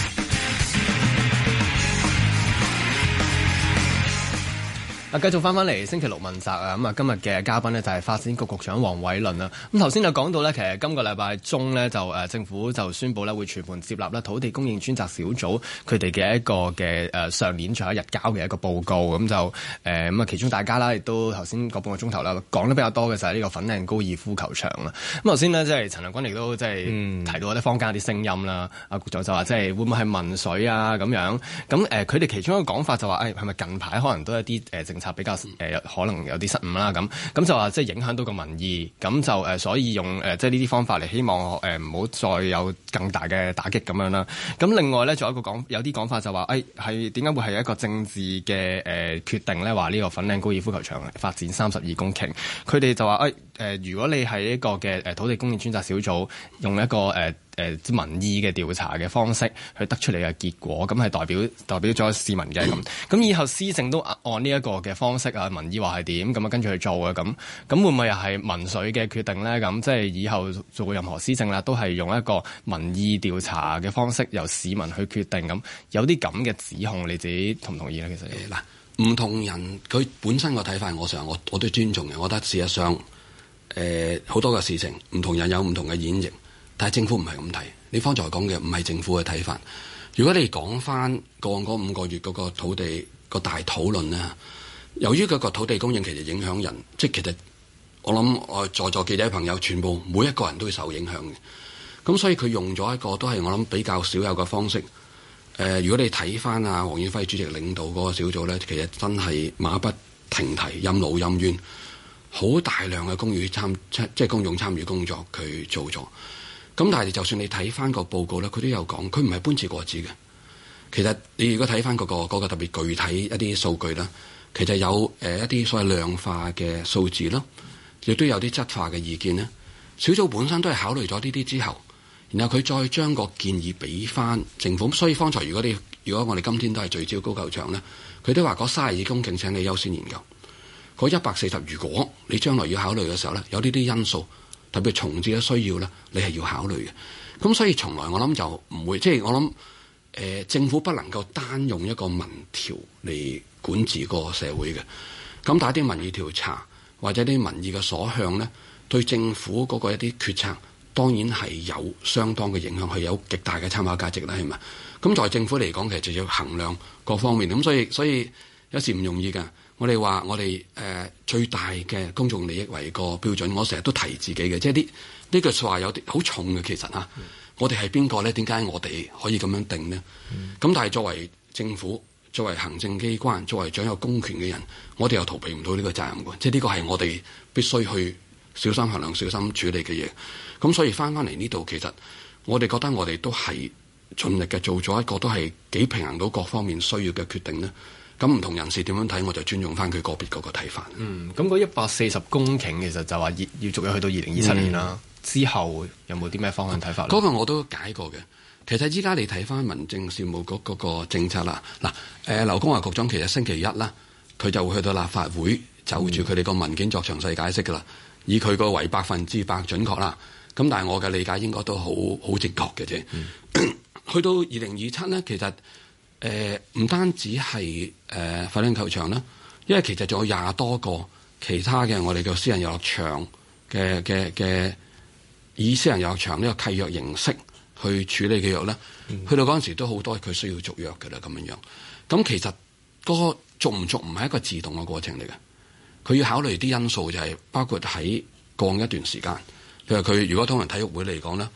啊，繼續翻返嚟星期六問責啊！咁啊，今日嘅嘉賓呢，就係發展局局長黃偉綸啦。咁頭先就講到呢，其實今個禮拜中呢，就政府就宣布咧會全盤接納啦土地供應專責小組佢哋嘅一個嘅上年最後一日交嘅一個報告。咁就誒咁啊，其中大家啦亦都頭先個半個鐘頭啦講得比較多嘅就係呢個粉嶺高爾夫球場啦。咁頭先呢，即係陳亮君亦都即係提到啲坊間啲聲音啦。阿、嗯啊、局長就話即係會唔會係問水啊咁樣？咁佢哋其中一個講法就話係咪近排可能都有一啲比較可能有啲失誤啦，咁咁就話即係影響到個民意，咁就所以用即係呢啲方法嚟希望誒唔好再有更大嘅打擊咁樣啦。咁另外咧仲有一個講有啲講法就話誒係點解會係一個政治嘅決定咧？話呢個粉嶺高爾夫球場發展三十二公頃，佢哋就話誒、哎、如果你係一個嘅土地供應專責小組用一個、呃民意嘅調查嘅方式去得出嚟嘅結果，咁係代表代表咗市民嘅咁。咁、嗯、以後施政都按呢一個嘅方式啊，民意或係點咁啊，跟住去做嘅咁。咁會唔會又係民粹嘅決定呢？咁即係以後做任何施政啦，都係用一個民意調查嘅方式，由市民去決定咁。有啲咁嘅指控，你自己同唔同意呢？其實嗱，唔同人佢本身嘅睇法我，我想我我都尊重嘅。我覺得事實上，誒、呃、好多嘅事情，唔同人有唔同嘅演繹。但係政府唔係咁睇，你方才講嘅唔係政府嘅睇法。如果你講翻過往嗰五個月嗰個土地、嗰個大討論咧，由於嗰個土地供應其實影響人，即係其實我諗我在座記者朋友全部每一個人都會受影響嘅。咁所以佢用咗一個都係我諗比較少有嘅方式。誒、呃。如果你睇翻啊，黃遠輝主席領導嗰個小組咧，其實真係馬不停蹄、任勞任怨，好大量嘅公員參即係公眾參與工作做，佢做咗。咁但係就算你睇翻個報告咧，佢都有講，佢唔係搬字過紙嘅。其實你如果睇翻嗰個、嗰個特別具體一啲數據啦，其實有一啲所謂量化嘅數字咯，亦都有啲質化嘅意見呢，小組本身都係考慮咗呢啲之後，然後佢再將個建議俾翻政府。所以方才如果你如果我哋今天都係聚焦高球場呢，佢都話嗰卅二公頃請你優先研究，嗰一百四十，如果你將來要考慮嘅時候呢，有呢啲因素。特別重建嘅需要咧，你係要考慮嘅。咁所以從來我諗就唔會，即係我諗誒、呃、政府不能夠單用一個民調嚟管治個社會嘅。咁但係啲民意調查或者啲民意嘅所向咧，對政府嗰個一啲決策，當然係有相當嘅影響，係有極大嘅參考價值啦，係咪？咁在政府嚟講，其實就要衡量各方面。咁所以所以有時唔容易噶。我哋話我哋誒、呃、最大嘅公眾利益為個標準，我成日都提自己嘅，即係呢呢句說話有啲好重嘅，其實嚇。嗯、我哋係邊個咧？點解我哋可以咁樣定呢？咁、嗯、但係作為政府、作為行政機關、作為掌有公權嘅人，我哋又逃避唔到呢個責任嘅，即係呢個係我哋必須去小心衡量、小心處理嘅嘢。咁所以翻翻嚟呢度，其實我哋覺得我哋都係盡力嘅做咗一個都係幾平衡到各方面需要嘅決定呢。咁唔同人士點樣睇，我就尊重翻佢個別嗰個睇法。嗯，咁嗰一百四十公頃其實就話要要續約去到二零二七年啦，嗯、之後有冇啲咩方向睇法？嗰個我都解過嘅。其實依家你睇翻民政事務局嗰個政策啦，嗱，誒，劉江華局長其實星期一呢，佢就會去到立法會，就住佢哋個文件作詳細解釋噶啦。嗯、以佢個為百分之百準確啦。咁但係我嘅理解應該都好好正確嘅啫。去到二零二七呢，其實。誒唔、呃、單止係誒粉嶺球場啦，呃、 因為其實仲有廿多個其他嘅我哋嘅私人遊樂場嘅、嘅、嘅以私人遊樂場呢個契約形式去處理嘅約，呢去到嗰陣時都好多佢需要續約㗎啦，咁樣樣。咁其實嗰，續唔續，唔係一個自動嘅過程嚟嘅，佢要考慮啲因素就係包括喺降一段時間。譬如佢如果通常體育會嚟講咧，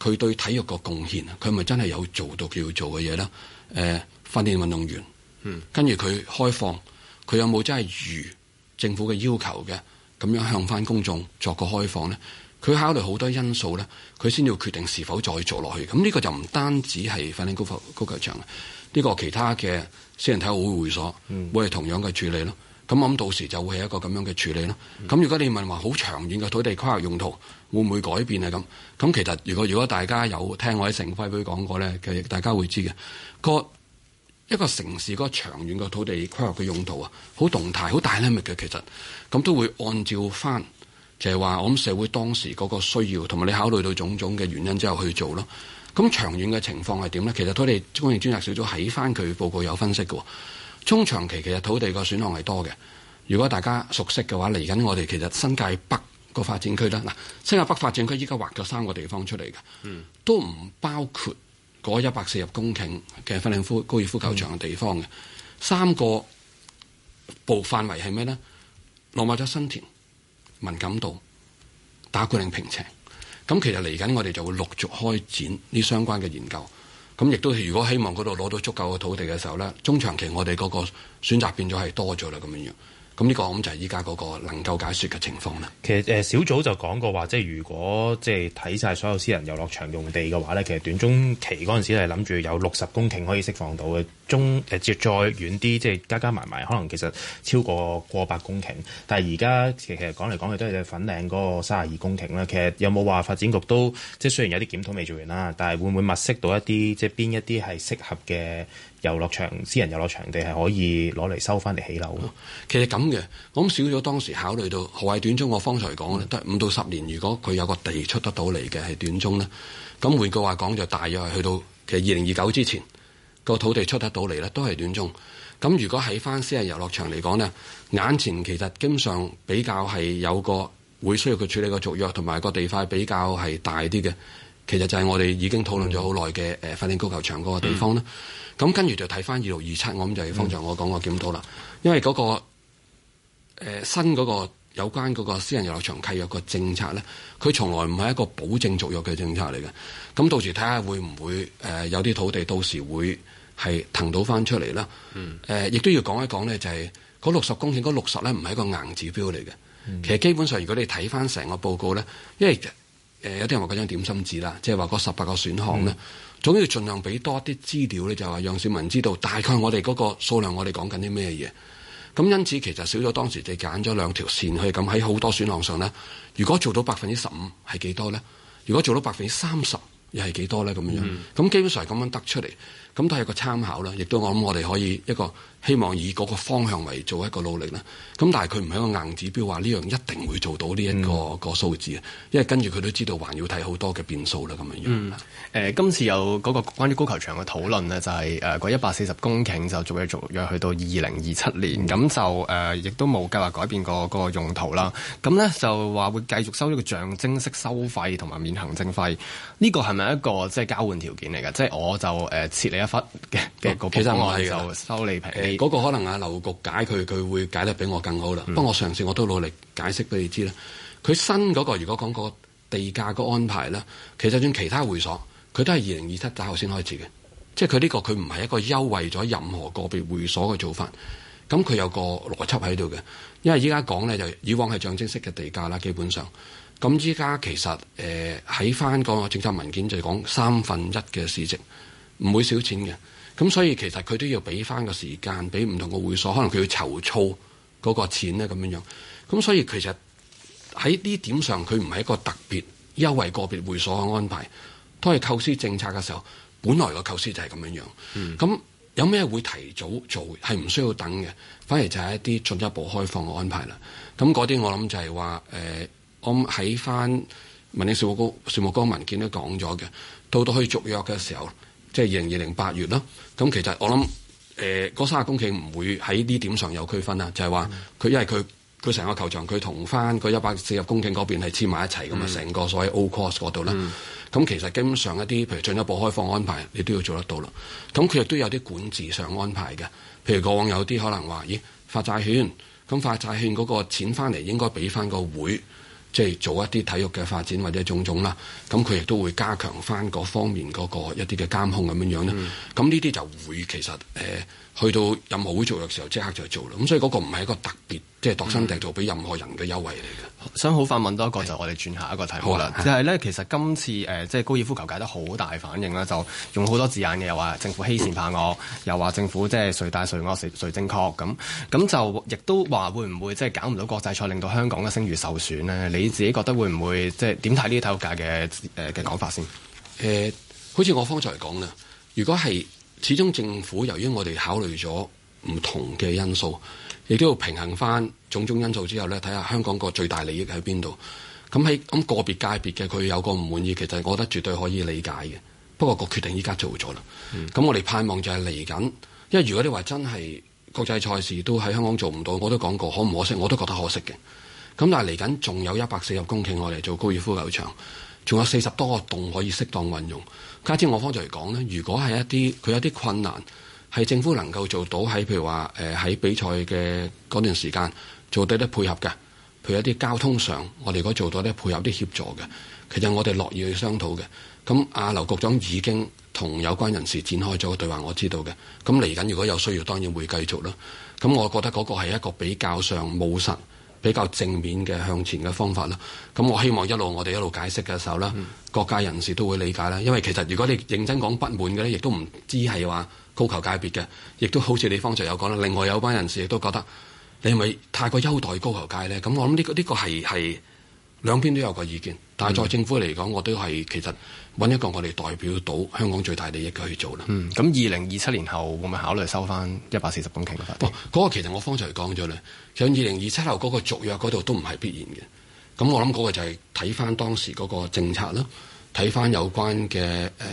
佢對體育個貢獻，佢係咪真係有做到佢要做嘅嘢咧？呃訓練運動員，跟住佢開放，佢有冇真係如政府嘅要求嘅咁樣向翻公眾作個開放咧？佢考慮好多因素咧，佢先要決定是否再做落去。咁呢個就唔單止係訓練高級高球場，呢、呢個其他嘅私人體育會會所，會係、嗯、同樣嘅處理咯。咁我諗到時就會係一個咁樣嘅處理咯。咁如果你問話好長遠嘅土地規劃用途會唔會改變啊？咁咁其實如果如果大家有聽我喺城規會講過咧，其實大家會知嘅、那個。一個城市嗰個長遠嘅土地規劃嘅用途啊，好動態、好大 y n 嘅其實，咁都會按照翻，就係、是、話我們社會當時嗰個需要，同埋你考慮到種種嘅原因之後去做咯。咁長遠嘅情況係點呢？其實土地供應專責小組喺翻佢報告有分析嘅，中長期其實土地個損耗係多嘅。如果大家熟悉嘅話，嚟緊我哋其實新界北個發展區啦。嗱新界北發展區依家劃咗三個地方出嚟嘅，都唔包括。嗰一百四十公頃嘅粉嶺高爾夫球場嘅地方嘅、嗯、三個部範圍係咩呢？落馬洲新田文錦道、打鼓嶺、坪輋，咁其實嚟緊我哋就會陸續開展呢相關嘅研究，咁亦都如果希望嗰度攞到足夠嘅土地嘅時候咧，中長期我哋嗰個選擇變咗係多咗啦，咁樣樣。咁呢個咁就係依家嗰個能夠解説嘅情況啦。其實誒小組就講過話，即係如果即係睇晒所有私人遊樂場用地嘅話咧，其實短中期嗰陣時係諗住有六十公頃可以釋放到嘅。中誒，即再遠啲，即係加加埋埋，可能其實超過過百公頃。但係而家其實講嚟講去都係粉嶺嗰個三十二公頃啦。其實有冇話發展局都即係雖然有啲檢討未做完啦，但係會唔會物色到一啲即係邊一啲係適合嘅遊樂場、私人遊樂場，地係可以攞嚟收翻嚟起樓？其實咁嘅，咁少咗當時考慮到何謂短中？我方才講都係五到十年，如果佢有個地出得到嚟嘅係短中咧，咁換句話講就大約係去到其實二零二九之前。個土地出得到嚟咧，都係短中。咁如果喺翻私人遊樂場嚟講咧，眼前其實基本上比較係有個會需要佢處理個續約，同埋個地塊比較係大啲嘅。其實就係我哋已經討論咗好耐嘅誒發展高球場嗰個地方啦。咁、嗯、跟住就睇翻二六二七，我咁就方丈我講個檢討啦。因為嗰個新嗰個。呃有關嗰個私人遊樂場契約個政策咧，佢從來唔係一個保證續約嘅政策嚟嘅。咁到時睇下會唔會誒有啲土地到時會係騰到翻出嚟啦。誒、嗯，亦都要講一講咧、就係，就係嗰六十公頃嗰六十咧，唔係一個硬指標嚟嘅。嗯、其實基本上，如果你睇翻成個報告咧，因為誒有啲人話嗰張點心紙啦，即係話嗰十八個選項咧，總要盡量俾多啲資料咧，就係話讓市民知道大概我哋嗰個數量我，我哋講緊啲咩嘢。咁因此其實少咗當時哋揀咗兩條線去，咁喺好多選項上咧，如果做到百分之十五係幾多咧？如果做到百分之三十又係幾多咧？咁樣，咁基本上係咁樣得出嚟，咁都係一個參考啦。亦都我諗我哋可以一個。希望以嗰個方向為做一個努力啦。咁但係佢唔係一個硬指標，話呢樣一定會做到呢、這、一個、嗯、個數字啊，因為跟住佢都知道還要睇好多嘅變數啦，咁樣樣誒、嗯呃、今次有嗰個關於高球場嘅討論咧，就係誒個一百四十公頃就做一做約去到二零二七年，咁、嗯、就誒、呃、亦都冇計劃改變、那個、那個用途啦。咁咧就話會繼續收一個象徵式收費同埋免行政費，呢、這個係咪一個即係、就是、交換條件嚟噶？即、就、係、是、我就誒設你一忽嘅嘅個，其實我係就收你平。嗰個可能啊，劉局解佢，佢會解得比我更好啦。不過、嗯、我上次我都努力解釋俾你知啦。佢新嗰個如果講個地價個安排咧，其實算其他會所，佢都係二零二七打後先開始嘅。即係佢呢個佢唔係一個優惠咗任何個別會所嘅做法。咁佢有個邏輯喺度嘅，因為依家講咧就以往係象徵式嘅地價啦，基本上咁依家其實誒喺翻個政策文件就係講三分一嘅市值唔會少錢嘅。咁所以其實佢都要俾翻個時間，俾唔同個會所，可能佢要籌措嗰個錢咧咁樣樣。咁所以其實喺呢點上，佢唔係一個特別優惠個別會所嘅安排，都係構思政策嘅時候，本來個構思就係咁樣樣。咁有咩會提早做，係唔需要等嘅，反而就係一啲進一步開放嘅安排啦。咁嗰啲我諗就係話，誒、呃，我喺翻民政事務局事務局文件都講咗嘅，到到可以續約嘅時候。即係二零二零八月咯，咁其實我諗誒三十公頃唔會喺呢點上有區分啦，就係話佢因為佢佢成個球場佢同翻佢一百四十公頃嗰邊係黐埋一齊㗎嘛，成、嗯、個所謂 Old Course 嗰度啦。咁、嗯、其實基本上一啲譬如進一步開放安排，你都要做得到啦。咁佢亦都有啲管治上安排嘅，譬如過往有啲可能話，咦、發債券，咁發債券嗰個錢翻嚟應該俾翻個會。即係做一啲體育嘅發展或者種種啦，咁佢亦都會加強返嗰方面嗰個一啲嘅監控咁樣樣咧。咁呢啲就會其實誒。呃去到任何會做嘅時候，即刻就做啦。咁所以嗰個唔係一個特別即係、就是、獨身定做俾任何人嘅優惠嚟嘅、嗯。想好快問多一個，是就我哋轉下一個題目啦。好啊、是就係咧，其實今次誒即係高爾夫球界得好大反應啦，就用好多字眼嘅，又話政府欺善怕惡，嗯、又話政府即係、就是、誰大誰惡，誰正確咁咁就亦都話會唔會即係搞唔到國際賽，令到香港嘅聲譽受損咧？你自己覺得會唔會即係點睇呢啲體育界嘅誒嘅講法先？誒、呃，好似我方才講啦，如果係。始終政府由於我哋考慮咗唔同嘅因素，亦都要平衡翻種種因素之後呢，睇下香港個最大利益喺邊度。咁喺咁個別界別嘅佢有個唔滿意，其實我覺得絕對可以理解嘅。不過個決定依家做咗啦。咁、嗯、我哋盼望就係嚟緊，因為如果你話真係國際賽事都喺香港做唔到，我都講過，可唔可惜？我都覺得可惜嘅。咁但係嚟緊仲有一百四十公頃我哋做高爾夫球場。仲有四十多個洞可以適當運用，加之我方就嚟講呢，如果係一啲佢有啲困難，係政府能夠做到喺譬如話喺、呃、比賽嘅嗰段時間做到啲配合嘅，譬如一啲交通上，我哋如果做到啲配合啲協助嘅，其實我哋樂意去商討嘅。咁阿劉局長已經同有關人士展開咗個對話，我知道嘅。咁嚟緊如果有需要，當然會繼續啦。咁我覺得嗰個係一個比較上務實。比較正面嘅向前嘅方法啦，咁我希望一路我哋一路解釋嘅時候咧，嗯、各界人士都會理解啦。因為其實如果你認真講不滿嘅咧，亦都唔知係話高球界別嘅，亦都好似你方才有講啦，另外有班人士亦都覺得你係咪太過優待高球界咧？咁我諗呢個呢個係係兩邊都有個意見，但係作為政府嚟講，我都係其實。揾一個我哋代表到香港最大利益嘅去做啦。嗯，咁二零二七年後，會唔會考慮收翻一百四十公頃嘅發展？嗰、哦嗰個、其實我方才講咗呢喺二零二七後嗰個續約嗰度都唔係必然嘅。咁我諗嗰個就係睇翻當時嗰個政策啦，睇翻有關嘅誒、呃、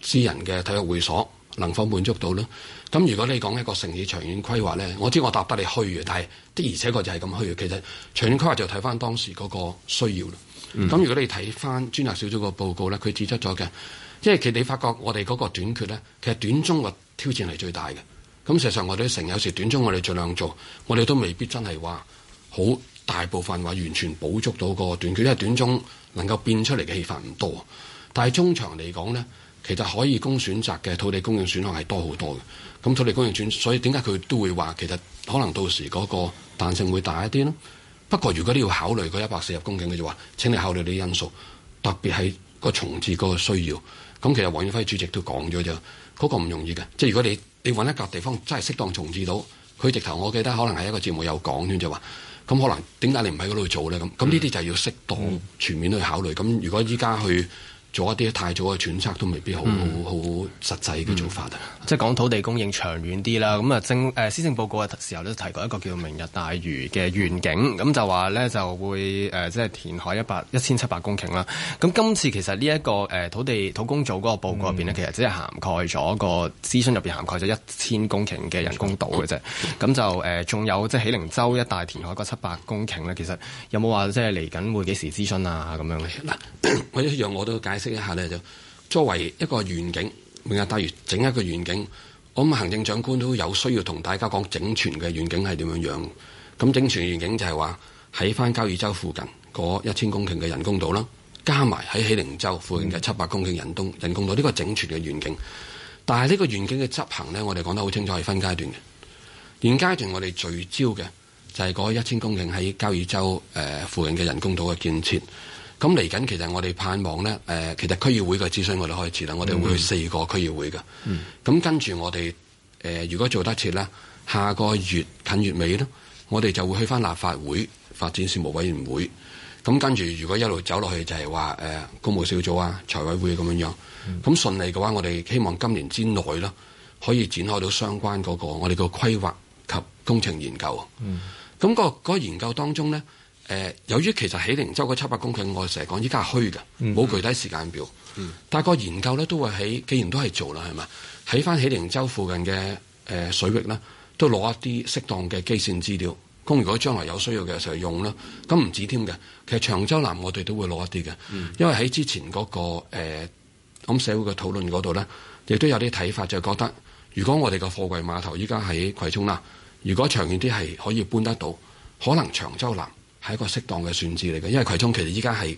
私人嘅體育會所能否滿足到啦。咁如果你講一個城市長遠規劃咧，我知我答得你虛嘅，但係的而且確就係咁虛嘅。其實長遠規劃就睇翻當時嗰個需要。咁、嗯、如果你睇翻專責小組個報告咧，佢指出咗嘅，即係其你發覺我哋嗰個短缺咧，其實短中嘅挑戰係最大嘅。咁實際上我哋成有時短中我哋盡量做，我哋都未必真係話好大部分話完全補足到個短缺，因為短中能夠變出嚟嘅戲法唔多。但係中長嚟講咧，其實可以供選擇嘅土地供應選項係多好多嘅。咁土地供應選，所以點解佢都會話其實可能到時嗰個彈性會大一啲咧？不過，如果你要考慮個一百四十公頃嘅，就話：請你考慮啲因素，特別係個重置嗰個需要。咁其實黃永輝主席都講咗啫，嗰個唔容易嘅。即係如果你你揾一格地方真係適當重置到，佢直頭，我記得可能喺一個節目有講添，就話咁可能點解你唔喺嗰度做咧？咁咁呢啲就係要適當全面去考慮。咁如果依家去。做一啲太早嘅揣測都未必好好、嗯、實際嘅做法啊、嗯！即係講土地供應長遠啲啦，咁啊政施政報告嘅時候都提過一個叫明日大嶼嘅願景，咁就話咧就會誒即係填海一百一千七百公頃啦。咁今次其實呢、這、一個誒、呃、土地土供組嗰個報告入面呢，嗯、其實只係涵蓋咗個諮詢入面，涵蓋咗一千公頃嘅人工島嘅啫。咁就仲、呃、有即係喜靈洲一帶填海個七百公頃呢，其實有冇話即係嚟緊會幾時諮詢啊？咁樣嗱，我一我都識一下呢，就作為一個願景，明日大嶼整一個願景，我想行政長官都有需要同大家講整全嘅願景係點樣樣。咁整全願景就係話喺翻交椅洲附近嗰一千公頃嘅人工島啦，加埋喺喜靈洲附近嘅七百公頃人工人工島，呢個整全嘅願景。但係呢個願景嘅執行呢，我哋講得好清楚係分階段嘅。現階段我哋聚焦嘅就係嗰一千公頃喺交椅洲誒附近嘅人工島嘅建設。咁嚟緊，其實我哋盼望咧，誒、呃，其實區議會嘅諮詢我哋開始啦，我哋會去四個區議會嘅。咁、mm hmm. 跟住我哋，誒、呃，如果做得切啦，下個月近月尾咧，我哋就會去翻立法會發展事務委員會。咁跟住，如果一路走落去就，就係話誒工務小組啊、財委會咁樣樣。咁順利嘅話，我哋希望今年之內咯，可以展開到相關嗰、嗰個我哋個規劃及工程研究。咁、mm hmm. 嗰個嗰個研究當中咧。誒，由於其實喜靈洲嗰七百公頃，我成日講依家係虛嘅，冇具體時間表。Mm hmm. 但個研究咧都會喺，既然都係做啦，係嘛？喺返喜靈洲附近嘅誒水域咧，都攞一啲適當嘅基線資料。咁如果將來有需要嘅時候用啦。咁唔止添嘅，其實長洲南我哋都會攞一啲嘅，mm hmm. 因為喺之前嗰、那個誒，咁、呃、社會嘅討論嗰度咧，亦都有啲睇法，就係、是、覺得如果我哋嘅貨櫃碼頭依家喺葵涌啦，如果長遠啲係可以搬得到，可能長洲南。係一個適當嘅選址嚟嘅，因為葵涌其實依家係，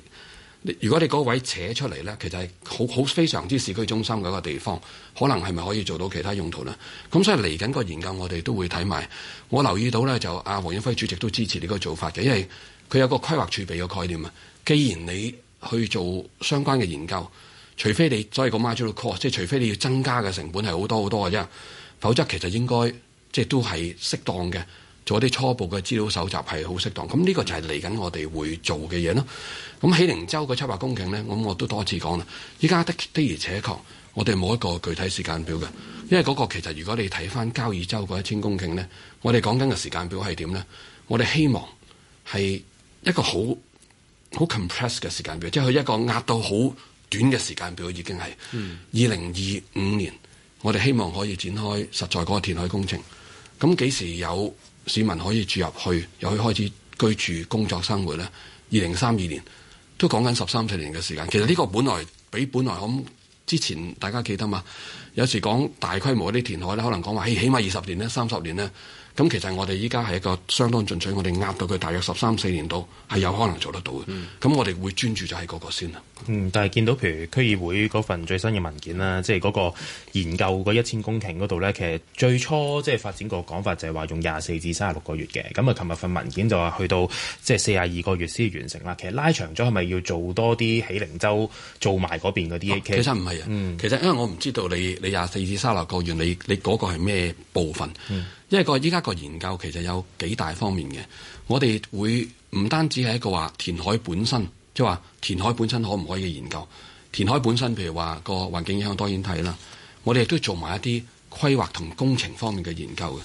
如果你嗰位扯出嚟咧，其實係好好非常之市區中心嘅一個地方，可能係咪可以做到其他用途咧？咁所以嚟緊個研究我哋都會睇埋。我留意到咧，就阿黃遠輝主席都支持呢個做法嘅，因為佢有個規劃儲備嘅概念啊。既然你去做相關嘅研究，除非你所謂個 marginal cost，即係除非你要增加嘅成本係好多好多嘅啫，否則其實應該即係都係適當嘅。做啲初步嘅資料搜集係好適當，咁呢個就係嚟緊我哋會做嘅嘢咯。咁喜靈洲個七百公頃呢，咁我都多次講啦。依家的的而且確，我哋冇一個具體時間表嘅，因為嗰個其實如果你睇翻交椅洲嗰一千公頃呢，我哋講緊嘅時間表係點呢？我哋希望係一個好好 compress 嘅時間表，即係一個壓到好短嘅時間表，已經係二零二五年，我哋希望可以展開實在嗰個填海工程。咁幾時有？市民可以住入去，又可以開始居住、工作、生活咧。二零三二年都講緊十三四年嘅時間，其實呢個本來比本來我諗之前大家記得嘛，有時講大規模嗰啲填海咧，可能講話起碼二十年咧、三十年咧。咁其實我哋依家係一個相當進取，我哋壓到佢大約十三四年度係有可能做得到嘅。咁、嗯、我哋會專注就係嗰個先啦。嗯，但係見到譬如區議會嗰份最新嘅文件啦，即係嗰個研究嗰一千公頃嗰度咧，其實最初即係發展個講法就係話用廿四至卅六個月嘅，咁啊，琴日份文件就話去到即係四十二個月先完成啦。其實拉長咗係咪要做多啲起靈洲做埋嗰邊嗰啲？其實唔係啊。其實，嗯、其實因為我唔知道你你廿四至卅六個月，你你嗰個係咩部分？嗯因為個依家個研究其實有幾大方面嘅，我哋會唔單止係一個話填海本身，即係話填海本身可唔可以嘅研究，填海本身譬如話個環境影響當然睇啦。我哋亦都做埋一啲規劃同工程方面嘅研究嘅，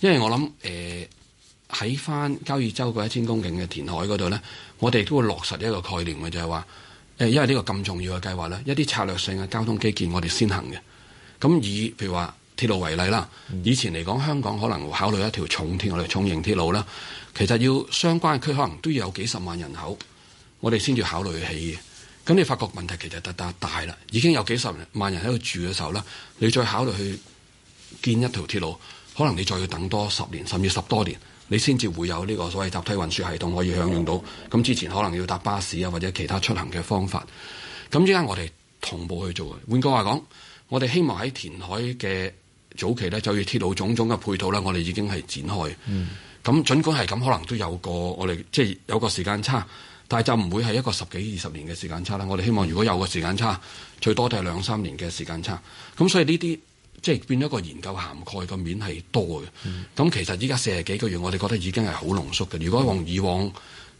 因為我諗誒喺翻交易州嗰一千公頃嘅填海嗰度咧，我哋都會落實一個概念嘅，就係話誒，因為呢個咁重要嘅計劃咧，一啲策略性嘅交通基建我哋先行嘅，咁以譬如話，鐵路為例啦，以前嚟講，香港可能會考慮一條重鐵，我哋重型鐵路啦。其實要相關區可能都要有幾十萬人口，我哋先至考慮起嘅。咁你發覺問題其實大大啦，已經有幾十萬人喺度住嘅時候呢，你再考慮去建一條鐵路，可能你再要等多十年，甚至十多年，你先至會有呢個所謂集體運輸系統可以享用到。咁之前可能要搭巴士啊，或者其他出行嘅方法。咁依家我哋同步去做。換句話講，我哋希望喺填海嘅。早期咧，就要鐵路種種嘅配套咧，我哋已經係展開。嗯，咁盡管係咁，可能都有個我哋即係有個時間差，但係就唔會係一個十幾二十年嘅時間差啦。我哋希望如果有個時間差，最多都係兩三年嘅時間差。咁所以呢啲即係變咗個研究涵蓋個面係多嘅。咁、嗯、其實依家四十幾個月，我哋覺得已經係好濃縮嘅。如果用以往誒、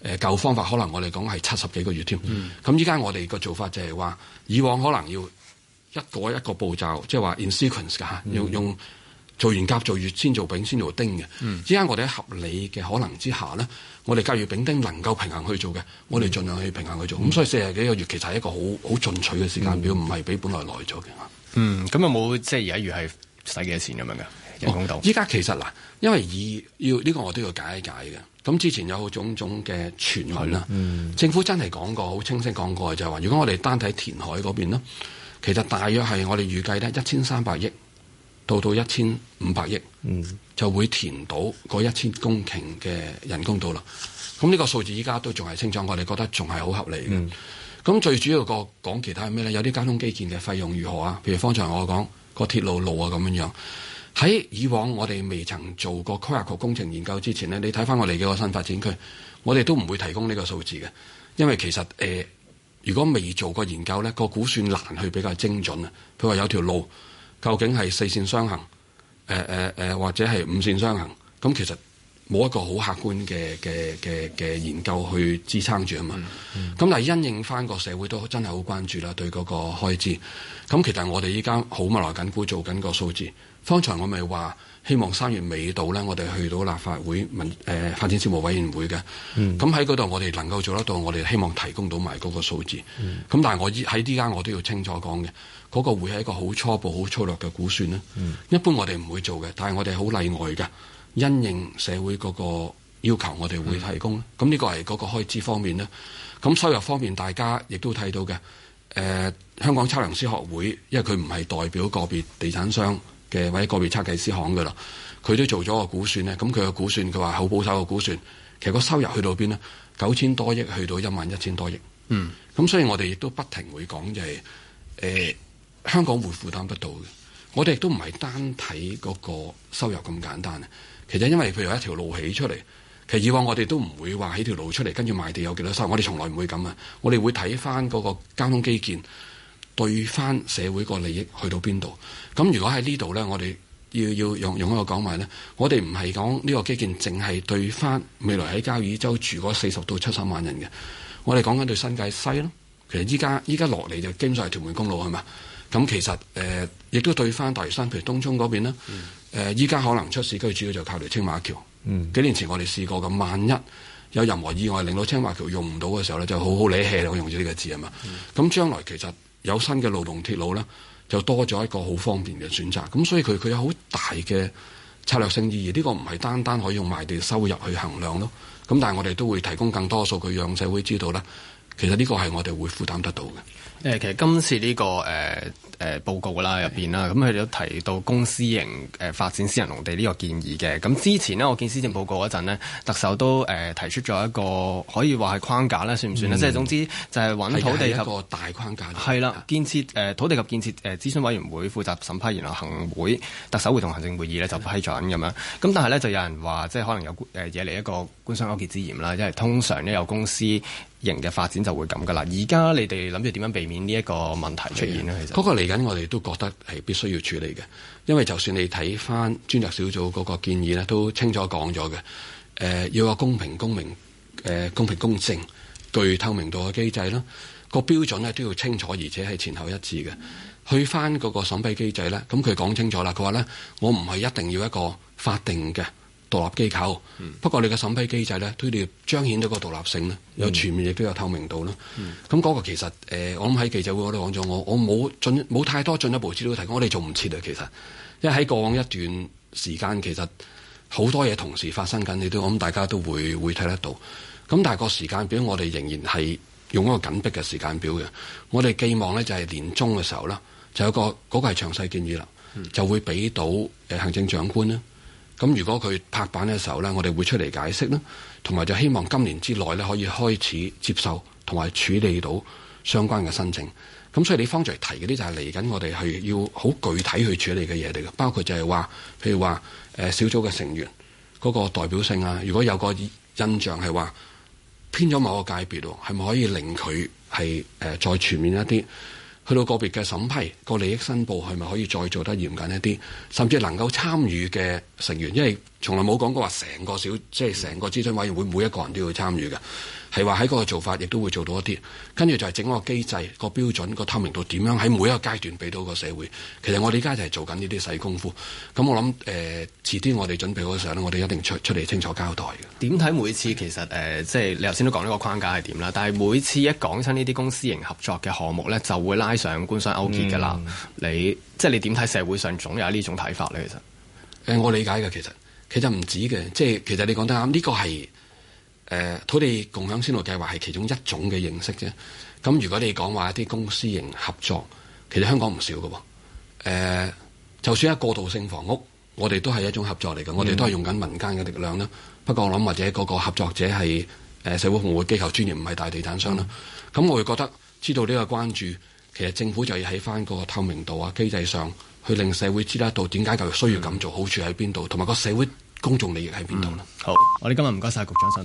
呃、舊方法，可能我哋講係七十幾個月添。咁依家我哋個做法就係話以往可能要。一個一個步驟，即係話 in sequence 噶，用用做完甲做乙，先做丙，先做丁嘅。之間我哋喺合理嘅可能之下咧，我哋甲乙丙丁能夠平衡去做嘅，我哋盡量去平衡去做。咁、嗯、所以四十幾個月其實係一個好好進取嘅時間表，唔係、嗯、比本來耐咗嘅。嗯，咁有冇即係而家月係使幾多錢咁樣噶人工度依家、哦、其實嗱，因為以要呢、這個我都要解一解嘅。咁之前有種種嘅傳聞啦，嗯、政府真係講過好清晰講過就係、是、話，如果我哋單睇填海嗰邊咧。其實大約係我哋預計咧一千三百億到到一千五百億，就會填到個一千公頃嘅人工島啦。咁呢個數字依家都仲係清楚，我哋覺得仲係好合理。咁最主要個講其他係咩咧？有啲交通基建嘅費用如何啊？譬如方才我講，那個鐵路路啊咁樣樣。喺以往我哋未曾做過規劃局工程研究之前呢，你睇翻我哋幾個新發展區，我哋都唔會提供呢個數字嘅，因為其實、呃如果未做過研究呢個估算難去比較精準啊！譬如話有條路，究竟係四線雙行，誒、呃、誒、呃、或者係五線雙行，咁其實冇一個好客觀嘅嘅嘅嘅研究去支撐住啊嘛。咁、嗯嗯、但係因應翻個社會都真係好關注啦，對嗰個開支。咁其實我哋依家好密來緊估做緊個數字。方才我咪話。希望三月尾到咧，我哋去到立法會民誒、呃、發展事務委員會嘅。咁喺嗰度，那那我哋能夠做得到，我哋希望提供到埋嗰個數字。咁、嗯、但係我喺而家，我都要清楚講嘅，嗰、那個會係一個好初步、好粗略嘅估算啦。嗯、一般我哋唔會做嘅，但係我哋好例外嘅，因應社會嗰個要求，我哋會提供。咁呢、嗯、個係嗰個開支方面咧。咁收入方面，大家亦都睇到嘅。誒、呃，香港測量師學會，因為佢唔係代表個別地產商，嘅或者個別測計師行㗎啦，佢都做咗個估算咧。咁佢嘅估算，佢話好保守嘅估算。其實個收入去到邊咧？九千多億去到一萬一千多億。11多億嗯。咁所以我哋亦都不停會講、就是，就係誒香港會負擔不到嘅。我哋亦都唔係單睇嗰個收入咁簡單嘅。其實因為佢有一條路起出嚟。其實以往我哋都唔會話起條路出嚟，跟住賣地有幾多收入。我哋從來唔會咁啊。我哋會睇翻嗰個交通基建，對翻社會個利益去到邊度？咁如果喺呢度呢，我哋要要用用一個講法呢。我哋唔係講呢個基建淨係對翻未來喺交椅洲住嗰四十到七十萬人嘅，我哋講緊對新界西咯。其實依家依家落嚟就經曬屯門公路係嘛？咁其實誒亦都對翻大嶼山，譬如東涌嗰邊啦。依家、嗯呃、可能出事，佢主要就靠嚟青馬橋。嗯、幾年前我哋試過咁，萬一有任何意外令到青馬橋用唔到嘅時候呢，就好好理氣啦。我用咗呢個字係嘛？咁、嗯、將來其實。有新嘅路氹鐵路呢，就多咗一個好方便嘅選擇。咁所以佢佢有好大嘅策略性意義。呢個唔係單單可以用賣地收入去衡量咯。咁但係我哋都會提供更多數據，讓社會知道咧，其實呢個係我哋會負擔得到嘅。誒，其實今次呢個誒。呃誒報告啦入面啦，咁佢哋都提到公私營發展私人農地呢個建議嘅。咁之前呢，我見施政報告嗰陣呢，特首都、呃、提出咗一個可以話係框架啦，算唔算呢即係總之就係揾土地及個大框架,框架。係啦，建設誒、呃、土地及建設誒、呃、諮詢委員會負責審批，然後行會特首會同行政會議呢就批准咁樣。咁的但係呢，就有人話，即係可能有誒、呃、惹嚟一個官商勾結之嫌啦，因為通常呢，有公司。型嘅發展就會咁噶啦，而家你哋諗住點樣避免呢一個問題出現呢？其實嗰個嚟緊，我哋都覺得係必須要處理嘅，因為就算你睇翻專責小組嗰個建議呢，都清楚講咗嘅。誒、呃，要有公平、公明、誒、呃、公平、公正、具透明度嘅機制啦，個標準呢都要清楚，而且係前後一致嘅。去翻嗰個審批機制呢，咁佢講清楚啦，佢話呢，我唔係一定要一個法定嘅，獨立機構，不過你嘅審批機制咧，都亦彰顯咗個獨立性咧，有全面亦都有透明度咧。咁嗰、嗯、個其實誒，我諗喺記者會我都講咗，我我冇進冇太多進一步資料提供，我哋做唔切啊。其實，因為喺過往一段時間，其實好多嘢同時發生緊，你都我諗大家都會會睇得到。咁但係個時間表，我哋仍然係用一個緊迫嘅時間表嘅。我哋寄望咧就係年中嘅時候啦，就有個嗰、那個係詳細建議啦，就會俾到行政長官咧。咁如果佢拍板嘅時候呢，我哋會出嚟解釋呢，同埋就希望今年之內呢，可以開始接受同埋處理到相關嘅申請。咁所以你方才提嗰啲就係嚟緊，我哋係要好具體去處理嘅嘢嚟嘅，包括就係話，譬如話誒小組嘅成員嗰個代表性啊，如果有個印象係話偏咗某個界別喎，係咪可以令佢係誒再全面一啲？去到個別嘅審批個利益申報，係咪可以再做得嚴謹一啲，甚至能夠參與嘅成員，因為從來冇講過話成個小，即係成個諮詢委員會每一個人都要參與嘅。係話喺嗰個做法，亦都會做到一啲。跟住就係整個機制、個標準、個透明度，點樣喺每一個階段俾到個社會。其實我哋而家就係做緊呢啲細功夫。咁我諗誒、呃，遲啲我哋準備好上咧，我哋一定出出嚟清楚交代嘅。點睇每次其實誒，即、呃、係、就是、你頭先都講呢個框架係點啦。但係每次一講親呢啲公私營合作嘅項目咧，就會拉上官商勾結噶啦。嗯、你即係、就是、你點睇社會上總有呢種睇法咧？其實、呃、我理解嘅其實其實唔止嘅，即、就、係、是、其實你講得啱，呢、這個係。誒土地共享先導計劃係其中一種嘅形式啫。咁如果你講話一啲公司型合作，其實香港唔少嘅喎、呃。就算係過渡性房屋，我哋都係一種合作嚟嘅。我哋都係用緊民間嘅力量啦。嗯、不過我諗，或者個個合作者係誒社會保護機構，專業唔係大地產商啦。咁、嗯、我哋覺得知道呢個關注，其實政府就要喺翻個透明度啊機制上去，令社會知得到點解就需要咁做，嗯、好做，好處喺邊度，同埋個社會公眾利益喺邊度啦。好，我哋今日唔該晒局長。